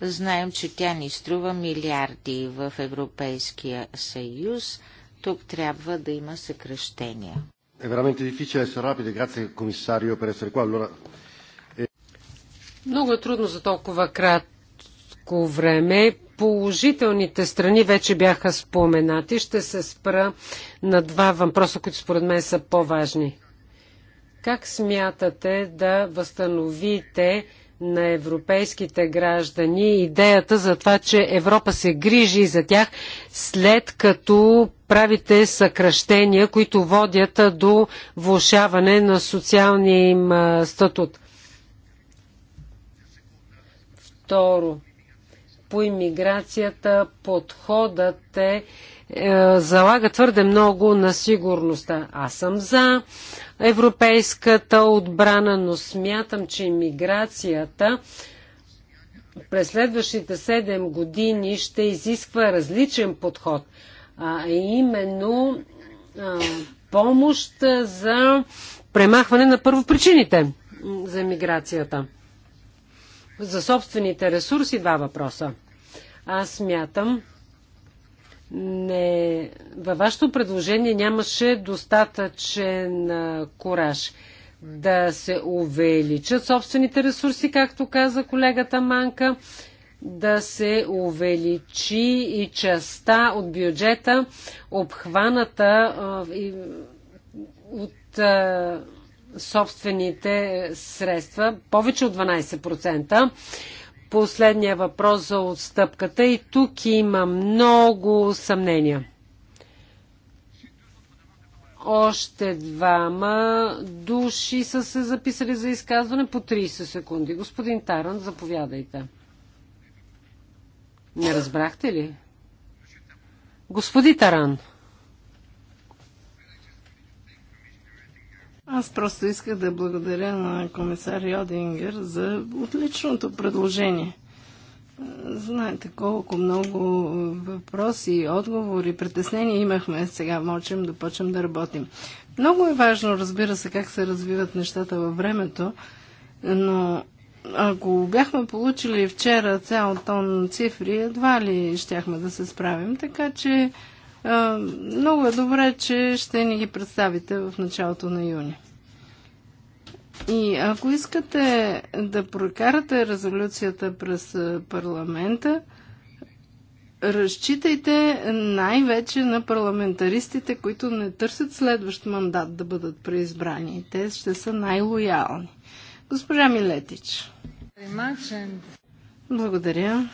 Знаем, че тя ни струва милиарди в Европейския съюз. Тук трябва да има съкръщения. È veramente difficile essere grazie commissario per essere qua. Allora...
Много е трудно за толкова кратко време. Положителните страни вече бяха споменати. Ще се спра на два въпроса, които според мен са по-важни. Как смятате да възстановите на европейските граждани идеята за това, че Европа се грижи за тях, след като правите съкръщения, които водят до влушаване на социалния им статут? Второ, по иммиграцията подходът е е, залага твърде много на сигурността. Аз съм за европейската отбрана, но смятам, че иммиграцията през следващите 7 години ще изисква различен подход, а именно а, помощ за премахване на първопричините за миграцията. За собствените ресурси два въпроса. Аз смятам, не, във вашето предложение нямаше достатъчен кораж да се увеличат собствените ресурси, както каза колегата Манка, да се увеличи и частта от бюджета, обхваната от собствените средства, повече от 12% последния въпрос за отстъпката и тук има много съмнения. Още двама души са се записали за изказване по 30 секунди. Господин Таран, заповядайте. Не разбрахте ли? Господи Таран.
Аз просто исках да благодаря на комисар Йодингер за отличното предложение. Знаете колко много въпроси, отговори, притеснения имахме. Сега мочим да почнем да работим. Много е важно, разбира се, как се развиват нещата във времето, но ако бяхме получили вчера цял тон цифри, едва ли щяхме да се справим. Така че много е добре, че ще ни ги представите в началото на юни. И ако искате да прокарате резолюцията през парламента, разчитайте най-вече на парламентаристите, които не търсят следващ мандат да бъдат преизбрани. Те ще са най-лоялни. Госпожа Милетич. Благодаря.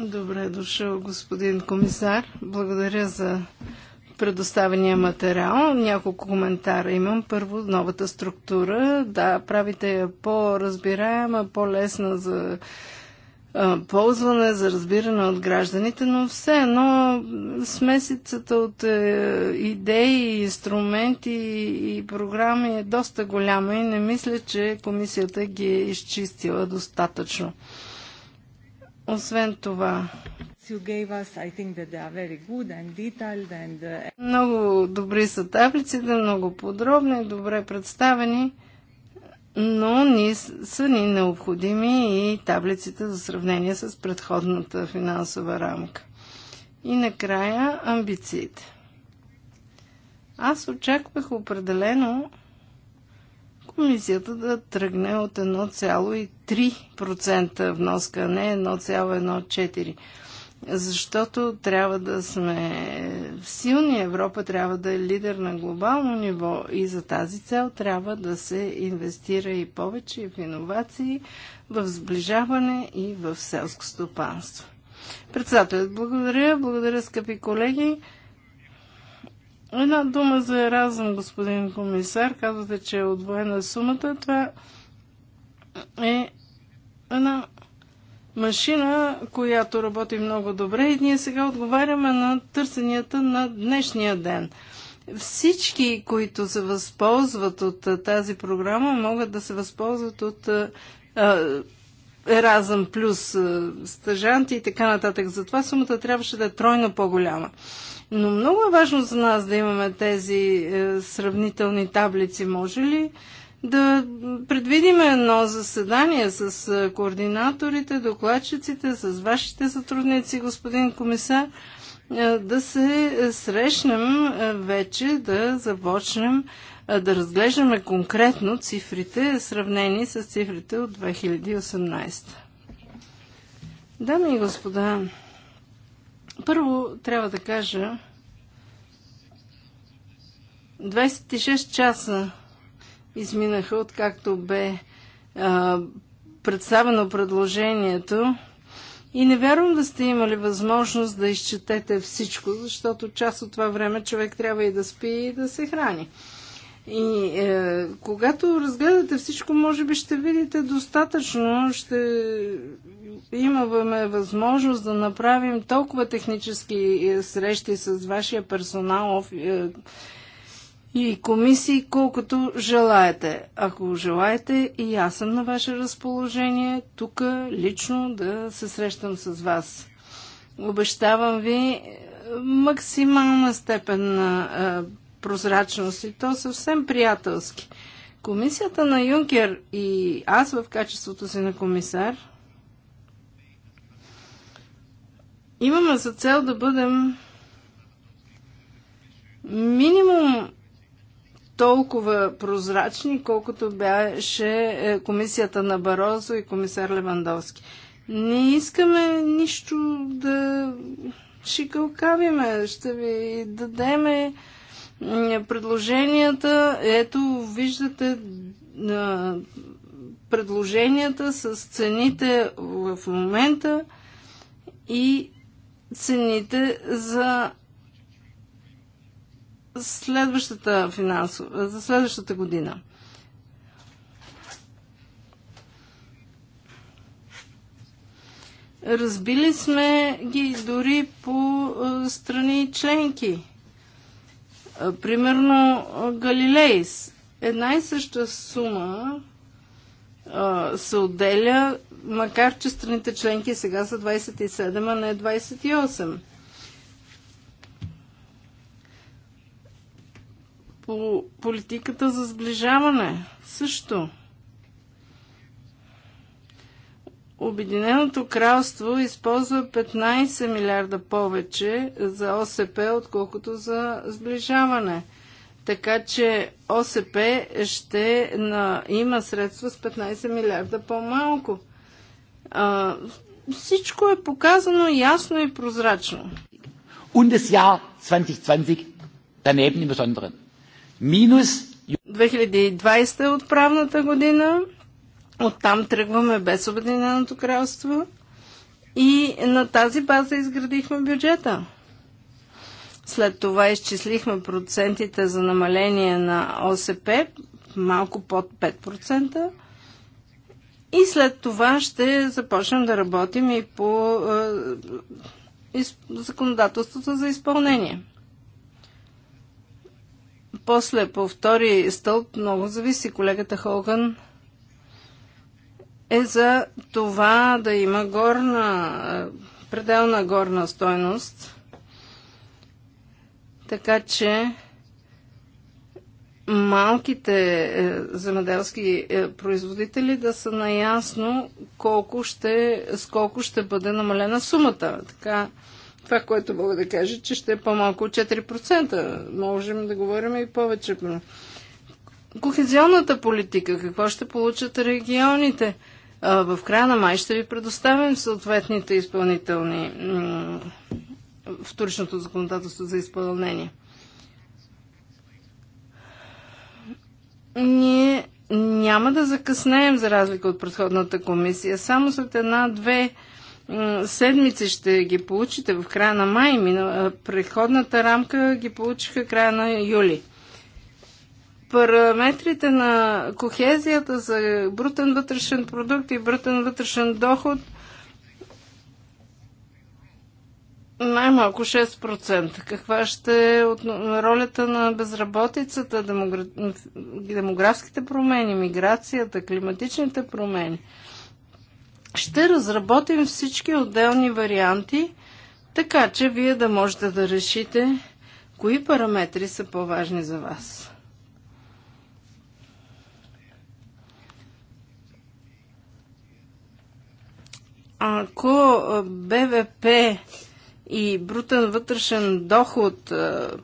Добре дошъл, господин комисар. Благодаря за предоставения материал. Няколко коментара имам. Първо, новата структура. Да, правите я по-разбираема, по-лесна за ползване, за разбиране от гражданите, но все едно смесицата от е, идеи, инструменти и програми е доста голяма и не мисля, че комисията ги е изчистила достатъчно. Освен това,
uh,
много добри са таблиците, много подробни, добре представени, но ни, са ни необходими и таблиците за сравнение с предходната финансова рамка. И накрая амбициите. Аз очаквах определено комисията да тръгне от 1,3% вноска, а не 1,14%. Защото трябва да сме силни, Европа трябва да е лидер на глобално ниво и за тази цел трябва да се инвестира и повече в иновации, в сближаване и в селско стопанство. Председателят, благодаря, благодаря, скъпи колеги. Една дума за Еразъм, господин комисар. Казвате, че е отвоена сумата. Това е една машина, която работи много добре и ние сега отговаряме на търсенията на днешния ден. Всички, които се възползват от тази програма, могат да се възползват от Еразъм плюс стъжанти и така нататък. Затова сумата трябваше да е тройно по-голяма. Но много е важно за нас да имаме тези е, сравнителни таблици. Може ли да предвидим едно заседание с е, координаторите, докладчиците, с вашите сътрудници, господин комисар, е, да се срещнем вече, да започнем да разглеждаме конкретно цифрите, сравнени с цифрите от 2018. Дами и господа, първо трябва да кажа, 26 часа изминаха, откакто бе а, представено предложението. И не вярвам да сте имали възможност да изчетете всичко, защото част от това време човек трябва и да спи и да се храни. И е, когато разгледате всичко, може би ще видите достатъчно, ще имаме възможност да направим толкова технически е, срещи с вашия персонал е, и комисии, колкото желаете. Ако желаете, и аз съм на ваше разположение, тук лично да се срещам с вас. Обещавам ви е, максимална степен на е, прозрачност и то съвсем приятелски. Комисията на Юнкер и аз в качеството си на комисар имаме за цел да бъдем минимум толкова прозрачни, колкото беше е, комисията на Барозо и комисар Левандовски. Не искаме нищо да шикалкавиме, ще ви дадеме предложенията, ето виждате предложенията с цените в момента и цените за следващата финансова, за следващата година. Разбили сме ги дори по страни членки. Примерно Галилейс. Една и съща сума се отделя, макар че страните членки сега са 27, а не 28. По политиката за сближаване също. Обединеното кралство използва 15 милиарда повече за ОСП, отколкото за сближаване. Така че ОСП ще на, има средства с 15 милиарда по-малко. всичко е показано ясно и прозрачно.
Und das Jahr 2020 daneben im Besonderen. Минус 2020
е отправната година, Оттам тръгваме без Обединеното кралство и на тази база изградихме бюджета. След това изчислихме процентите за намаление на ОСП, малко под 5%. И след това ще започнем да работим и по е, из, законодателството за изпълнение. После, по втори стълб, много зависи колегата Холган е за това да има горна, е, пределна горна стойност, така че малките е, земеделски е, производители да са наясно колко ще, с колко ще бъде намалена сумата. Така, това, което мога да кажа, че ще е по-малко от 4%. Можем да говорим и повече. Кохезионната политика, какво ще получат регионите? В края на май ще ви предоставим съответните изпълнителни вторичното законодателство за изпълнение. Ние няма да закъснеем за разлика от предходната комисия. Само след една-две седмици ще ги получите в края на май. Предходната рамка ги получиха края на юли параметрите на кохезията за брутен вътрешен продукт и брутен вътрешен доход най-малко 6%. Каква ще е ролята на безработицата, демографските промени, миграцията, климатичните промени? Ще разработим всички отделни варианти, така че вие да можете да решите кои параметри са по-важни за вас. Ако БВП и брутен вътрешен доход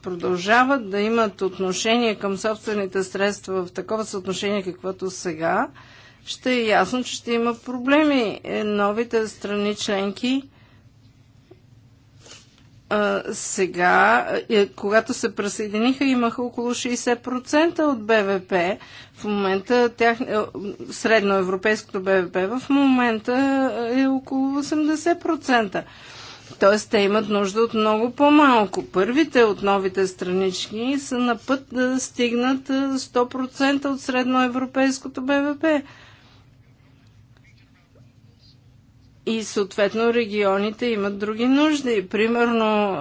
продължават да имат отношение към собствените средства в такова съотношение, каквото сега, ще е ясно, че ще има проблеми. Е, новите страни членки а, сега, е, когато се присъединиха, имаха около 60% от БВП. В момента тях, е, средноевропейското БВП в момента е, е около 80%. Тоест, те имат нужда от много по-малко. Първите от новите странички са на път да стигнат 100% от средноевропейското БВП. и съответно регионите имат други нужди. Примерно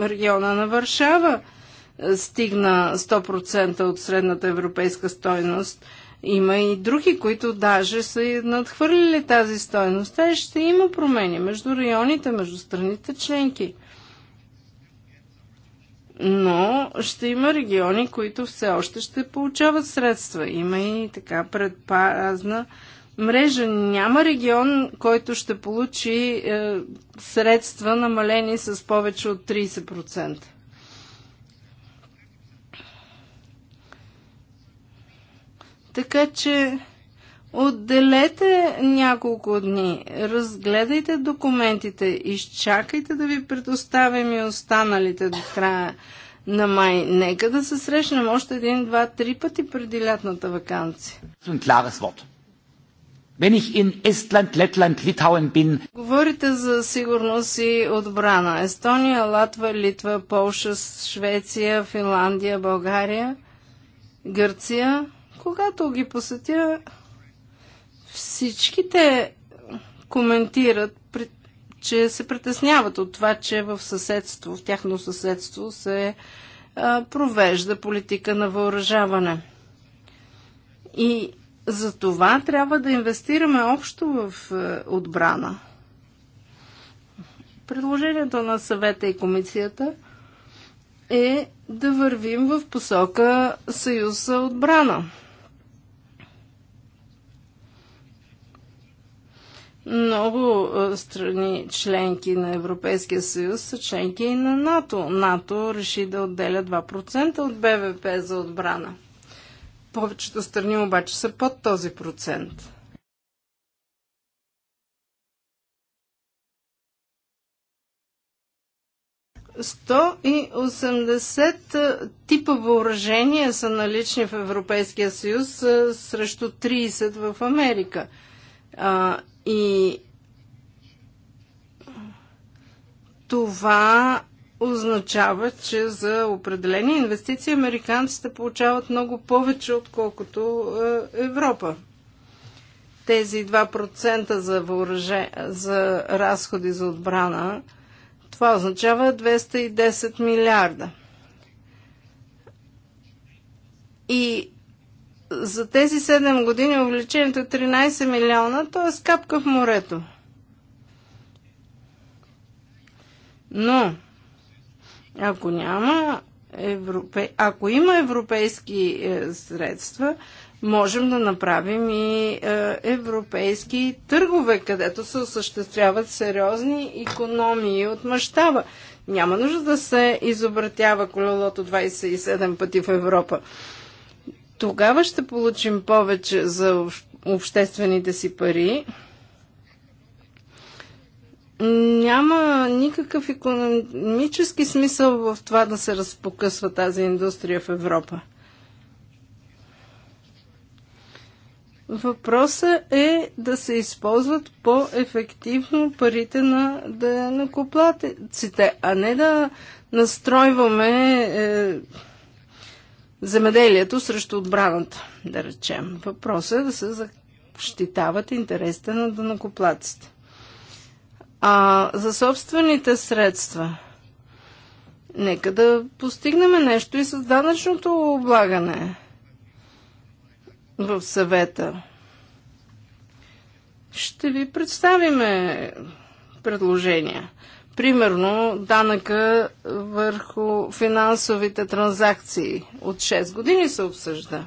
региона на Варшава стигна 100% от средната европейска стойност. Има и други, които даже са надхвърлили тази стойност. Те ще има промени между районите, между страните членки. Но ще има региони, които все още ще получават средства. Има и така предпазна мрежа няма регион, който ще получи е, средства намалени с повече от 30%. Така че отделете няколко дни, разгледайте документите, изчакайте да ви предоставим и останалите до края на май. Нека да се срещнем още един, два, три пъти преди лятната вакансия.
Estland,
bin...
Говорите за сигурност и отбрана. Естония, Латва, Литва, Полша, Швеция, Финландия, България, Гърция. Когато ги посетя, всичките коментират, че се притесняват от това, че в съседство, в тяхно съседство се провежда политика на въоръжаване. И за това трябва да инвестираме общо в е, отбрана. Предложението на съвета и комисията е да вървим в посока Съюз за отбрана. Много е, страни членки на Европейския съюз са членки и на НАТО. НАТО реши да отделя 2% от БВП за отбрана – повечето страни обаче са под този процент. Сто и 180 типа въоръжения са налични в Европейския съюз срещу 30 в Америка. А, и това означава, че за определени инвестиции американците получават много повече, отколкото е, Европа. Тези 2% за, въоръже, за разходи за отбрана, това означава 210 милиарда. И за тези 7 години увеличението е 13 милиона, то е капка в морето. Но, ако няма, европе... ако има европейски е, средства, можем да направим и е, европейски търгове, където се осъществяват сериозни економии от мащаба. Няма нужда да се изобратява колелото 27 пъти в Европа. Тогава ще получим повече за обществените си пари, няма никакъв економически смисъл в това да се разпокъсва тази индустрия в Европа. Въпросът е да се използват по-ефективно парите на денокоплатците, а не да настройваме е, земеделието срещу отбраната, да речем. Въпросът е да се защитават интересите на денокоплатците. А за собствените средства, нека да постигнем нещо и с данъчното облагане в съвета. Ще ви представиме предложения. Примерно данъка върху финансовите транзакции от 6 години се обсъжда.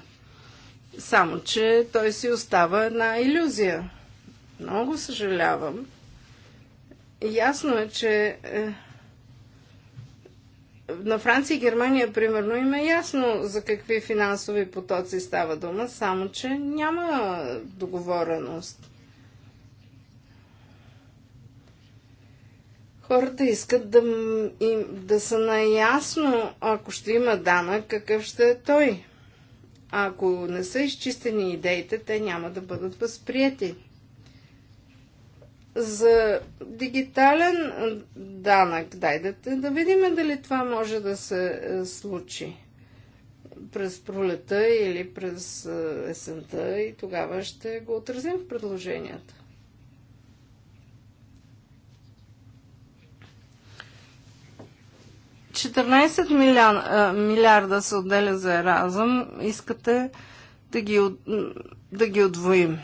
Само, че той си остава една иллюзия. Много съжалявам. Ясно е, че е, на Франция и Германия, примерно, им е ясно за какви финансови потоци става дума, само че няма договореност. Хората искат да, им, да са наясно, ако ще има данък, какъв ще е той. А ако не са изчистени идеите, те няма да бъдат възприяти за дигитален данък, дайдете да видим дали това може да се е, случи през пролета или през е, есента и тогава ще го отразим в предложенията. Четирнайсет е, милиарда се отделя за еразъм. Искате да ги, да ги отвоим.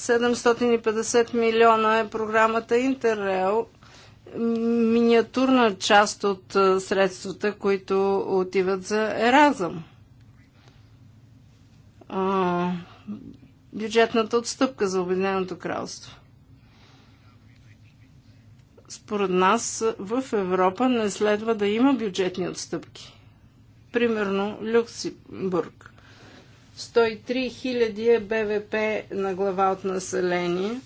750 милиона е програмата Интеррел, миниатурна част от е, средствата, които отиват за Еразъм. Бюджетната отстъпка за Обединеното кралство. Според нас в Европа не следва да има бюджетни отстъпки. Примерно Люксембург 103 хиляди е БВП на глава от население.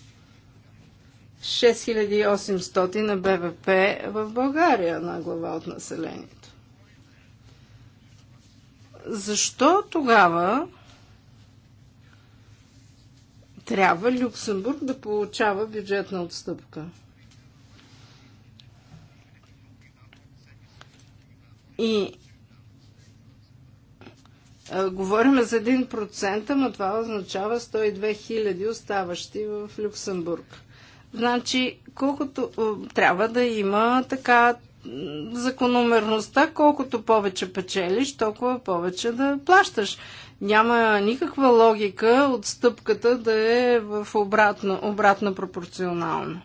6800 на БВП в България на глава от населението. Защо тогава трябва Люксембург да получава бюджетна отстъпка? И е, говорим за 1%, но това означава 102 хиляди оставащи в Люксембург. Значи, колкото е, трябва да има така закономерността, колкото повече печелиш, толкова повече да плащаш. Няма никаква логика отстъпката да е в обратно, обратно пропорционално.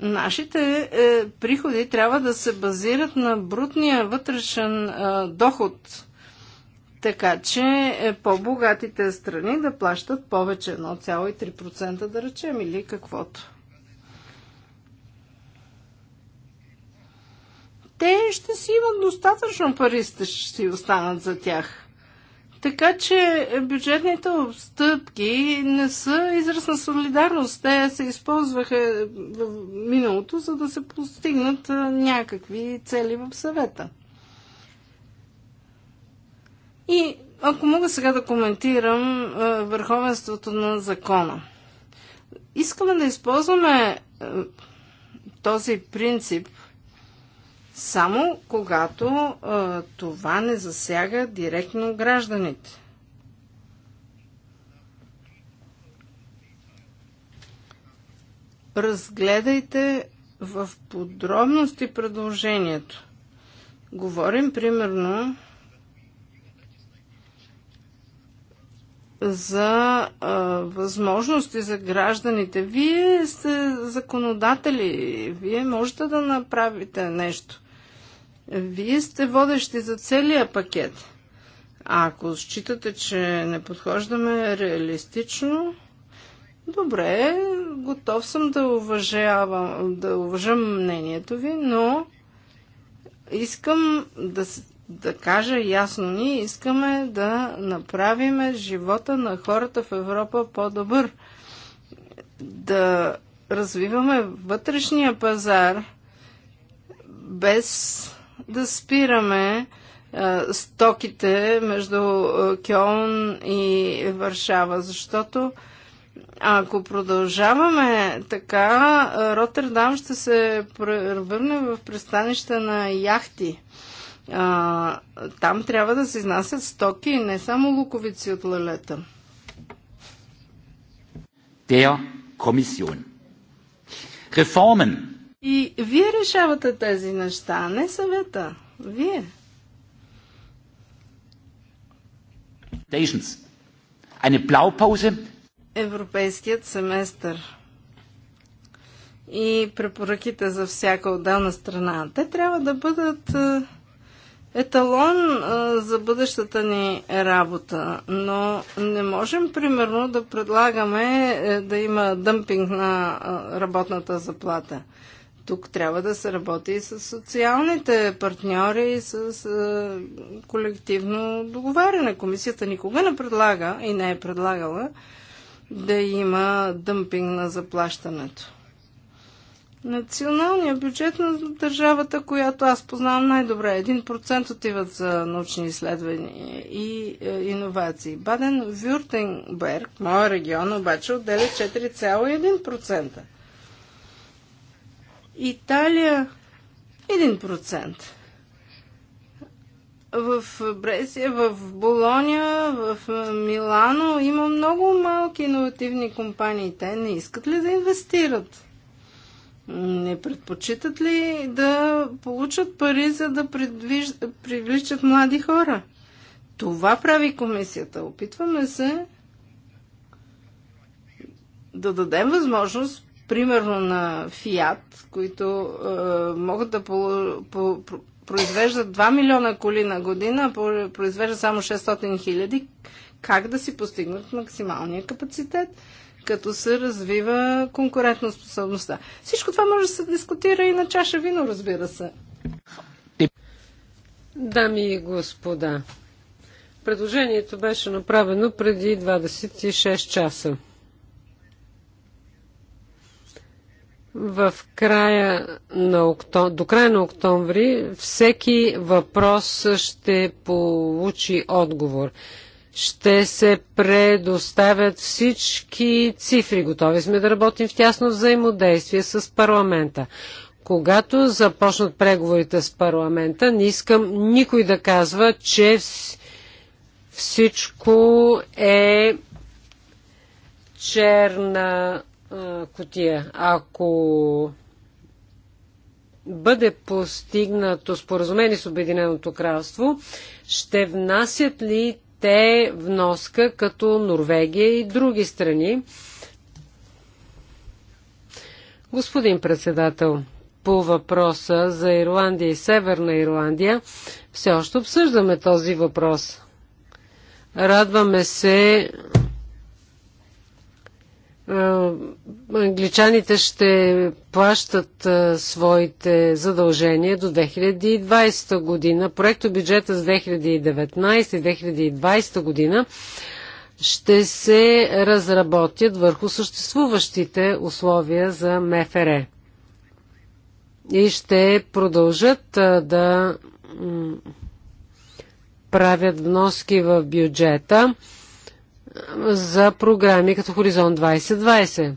Нашите е, приходи трябва да се базират на брутния вътрешен е, доход така че е, по-богатите страни да плащат повече 1,3% да речем или каквото. Те ще си имат достатъчно пари, ще си останат за тях. Така че е, бюджетните обстъпки не са израз на солидарност. Те се използваха е, в миналото, за да се постигнат някакви цели в съвета. И ако мога сега да коментирам а, е, върховенството на закона. Искаме да използваме а, е, този принцип само когато а, е, това не засяга директно гражданите. Разгледайте в подробности предложението. Говорим примерно за а, възможности за гражданите. Вие сте законодатели, вие можете да направите нещо. Вие сте водещи за целия пакет. А ако считате, че не подхождаме реалистично, добре, готов съм да, уважавам, да уважам мнението ви, но искам да да кажа ясно, ние искаме да направим живота на хората в Европа по-добър. Да развиваме вътрешния пазар без да спираме е, стоките между Кьон и Варшава, защото ако продължаваме така, Роттердам ще се превърне в пристанище на яхти а, там трябва да се изнасят стоки, и не само луковици от лалета.
Der Kommission. Реформен.
И вие решавате тези неща, не съвета. Вие.
Eine Blaupause.
Европейският семестър и препоръките за всяка отделна страна. Те трябва да бъдат е, еталон за бъдещата ни работа, но не можем примерно да предлагаме е, да има дъмпинг на работната заплата. Тук трябва да се работи и с социалните партньори, и с колективно договаряне. Комисията никога не предлага и не е предлагала да има дъмпинг на заплащането. Националния бюджет на държавата, която аз познавам най-добре, Един процент отиват за научни изследвания и е, иновации. Баден-Вюртенберг, моя регион, обаче отделя 4,1%. Италия 1%. В Бресия, в Болония, в е, Милано има много малки иновативни компании. Те не искат ли да инвестират? Не предпочитат ли да получат пари, за да предвиж... привличат млади хора? Това прави комисията. Опитваме се да дадем възможност, примерно на Фиат, които е, могат да полу... по, произвеждат 2 милиона коли на година, а произвеждат само 600 хиляди, как да си постигнат максималния капацитет? като се развива конкурентоспособността. Всичко това може да се дискутира и на чаша вино, разбира се.
Дами и господа, предложението беше направено преди 26 часа. В края на октом... До края на октомври всеки въпрос ще получи отговор ще се предоставят всички цифри. Готови сме да работим в тясно взаимодействие с парламента. Когато започнат преговорите с парламента, не искам никой да казва, че всичко е черна кутия. Ако бъде постигнато споразумение с Обединеното кралство, ще внасят ли те вноска като Норвегия и други страни. Господин председател, по въпроса за Ирландия и Северна Ирландия, все още обсъждаме този въпрос. Радваме се е, англичаните ще плащат е, своите задължения до 2020 година. Проекто бюджета за 2019-2020 година ще се разработят върху съществуващите условия за МФР и ще продължат е, да правят вноски в бюджета за програми като Хоризонт 2020.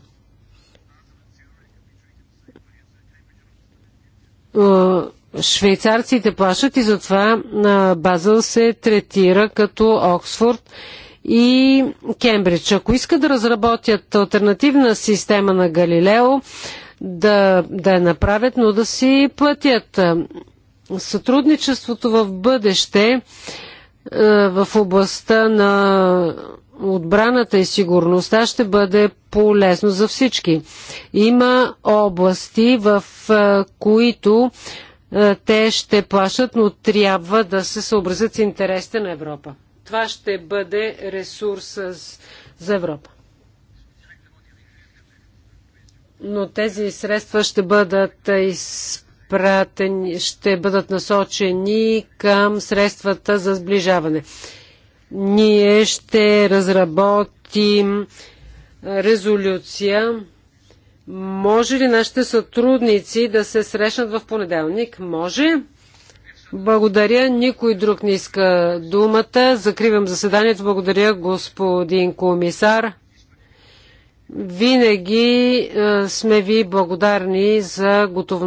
Е, швейцарците плашат, и затова е, Базъл се третира като Оксфорд и Кембридж. Ако искат да разработят альтернативна система на Галилео, да, да я направят, но да си платят. Сътрудничеството в бъдеще е, в областта на отбраната и сигурността ще бъде полезно за всички. Има области, в които те ще плащат, но трябва да се съобразят с интересите на Европа. Това ще бъде ресурс за Европа. Но тези средства ще бъдат изпратени, ще бъдат насочени към средствата за сближаване. Ние ще разработим резолюция. Може ли нашите сътрудници да се срещнат в понеделник? Може. Благодаря. Никой друг не иска думата. Закривам заседанието. Благодаря, господин комисар. Винаги сме ви благодарни за готовността.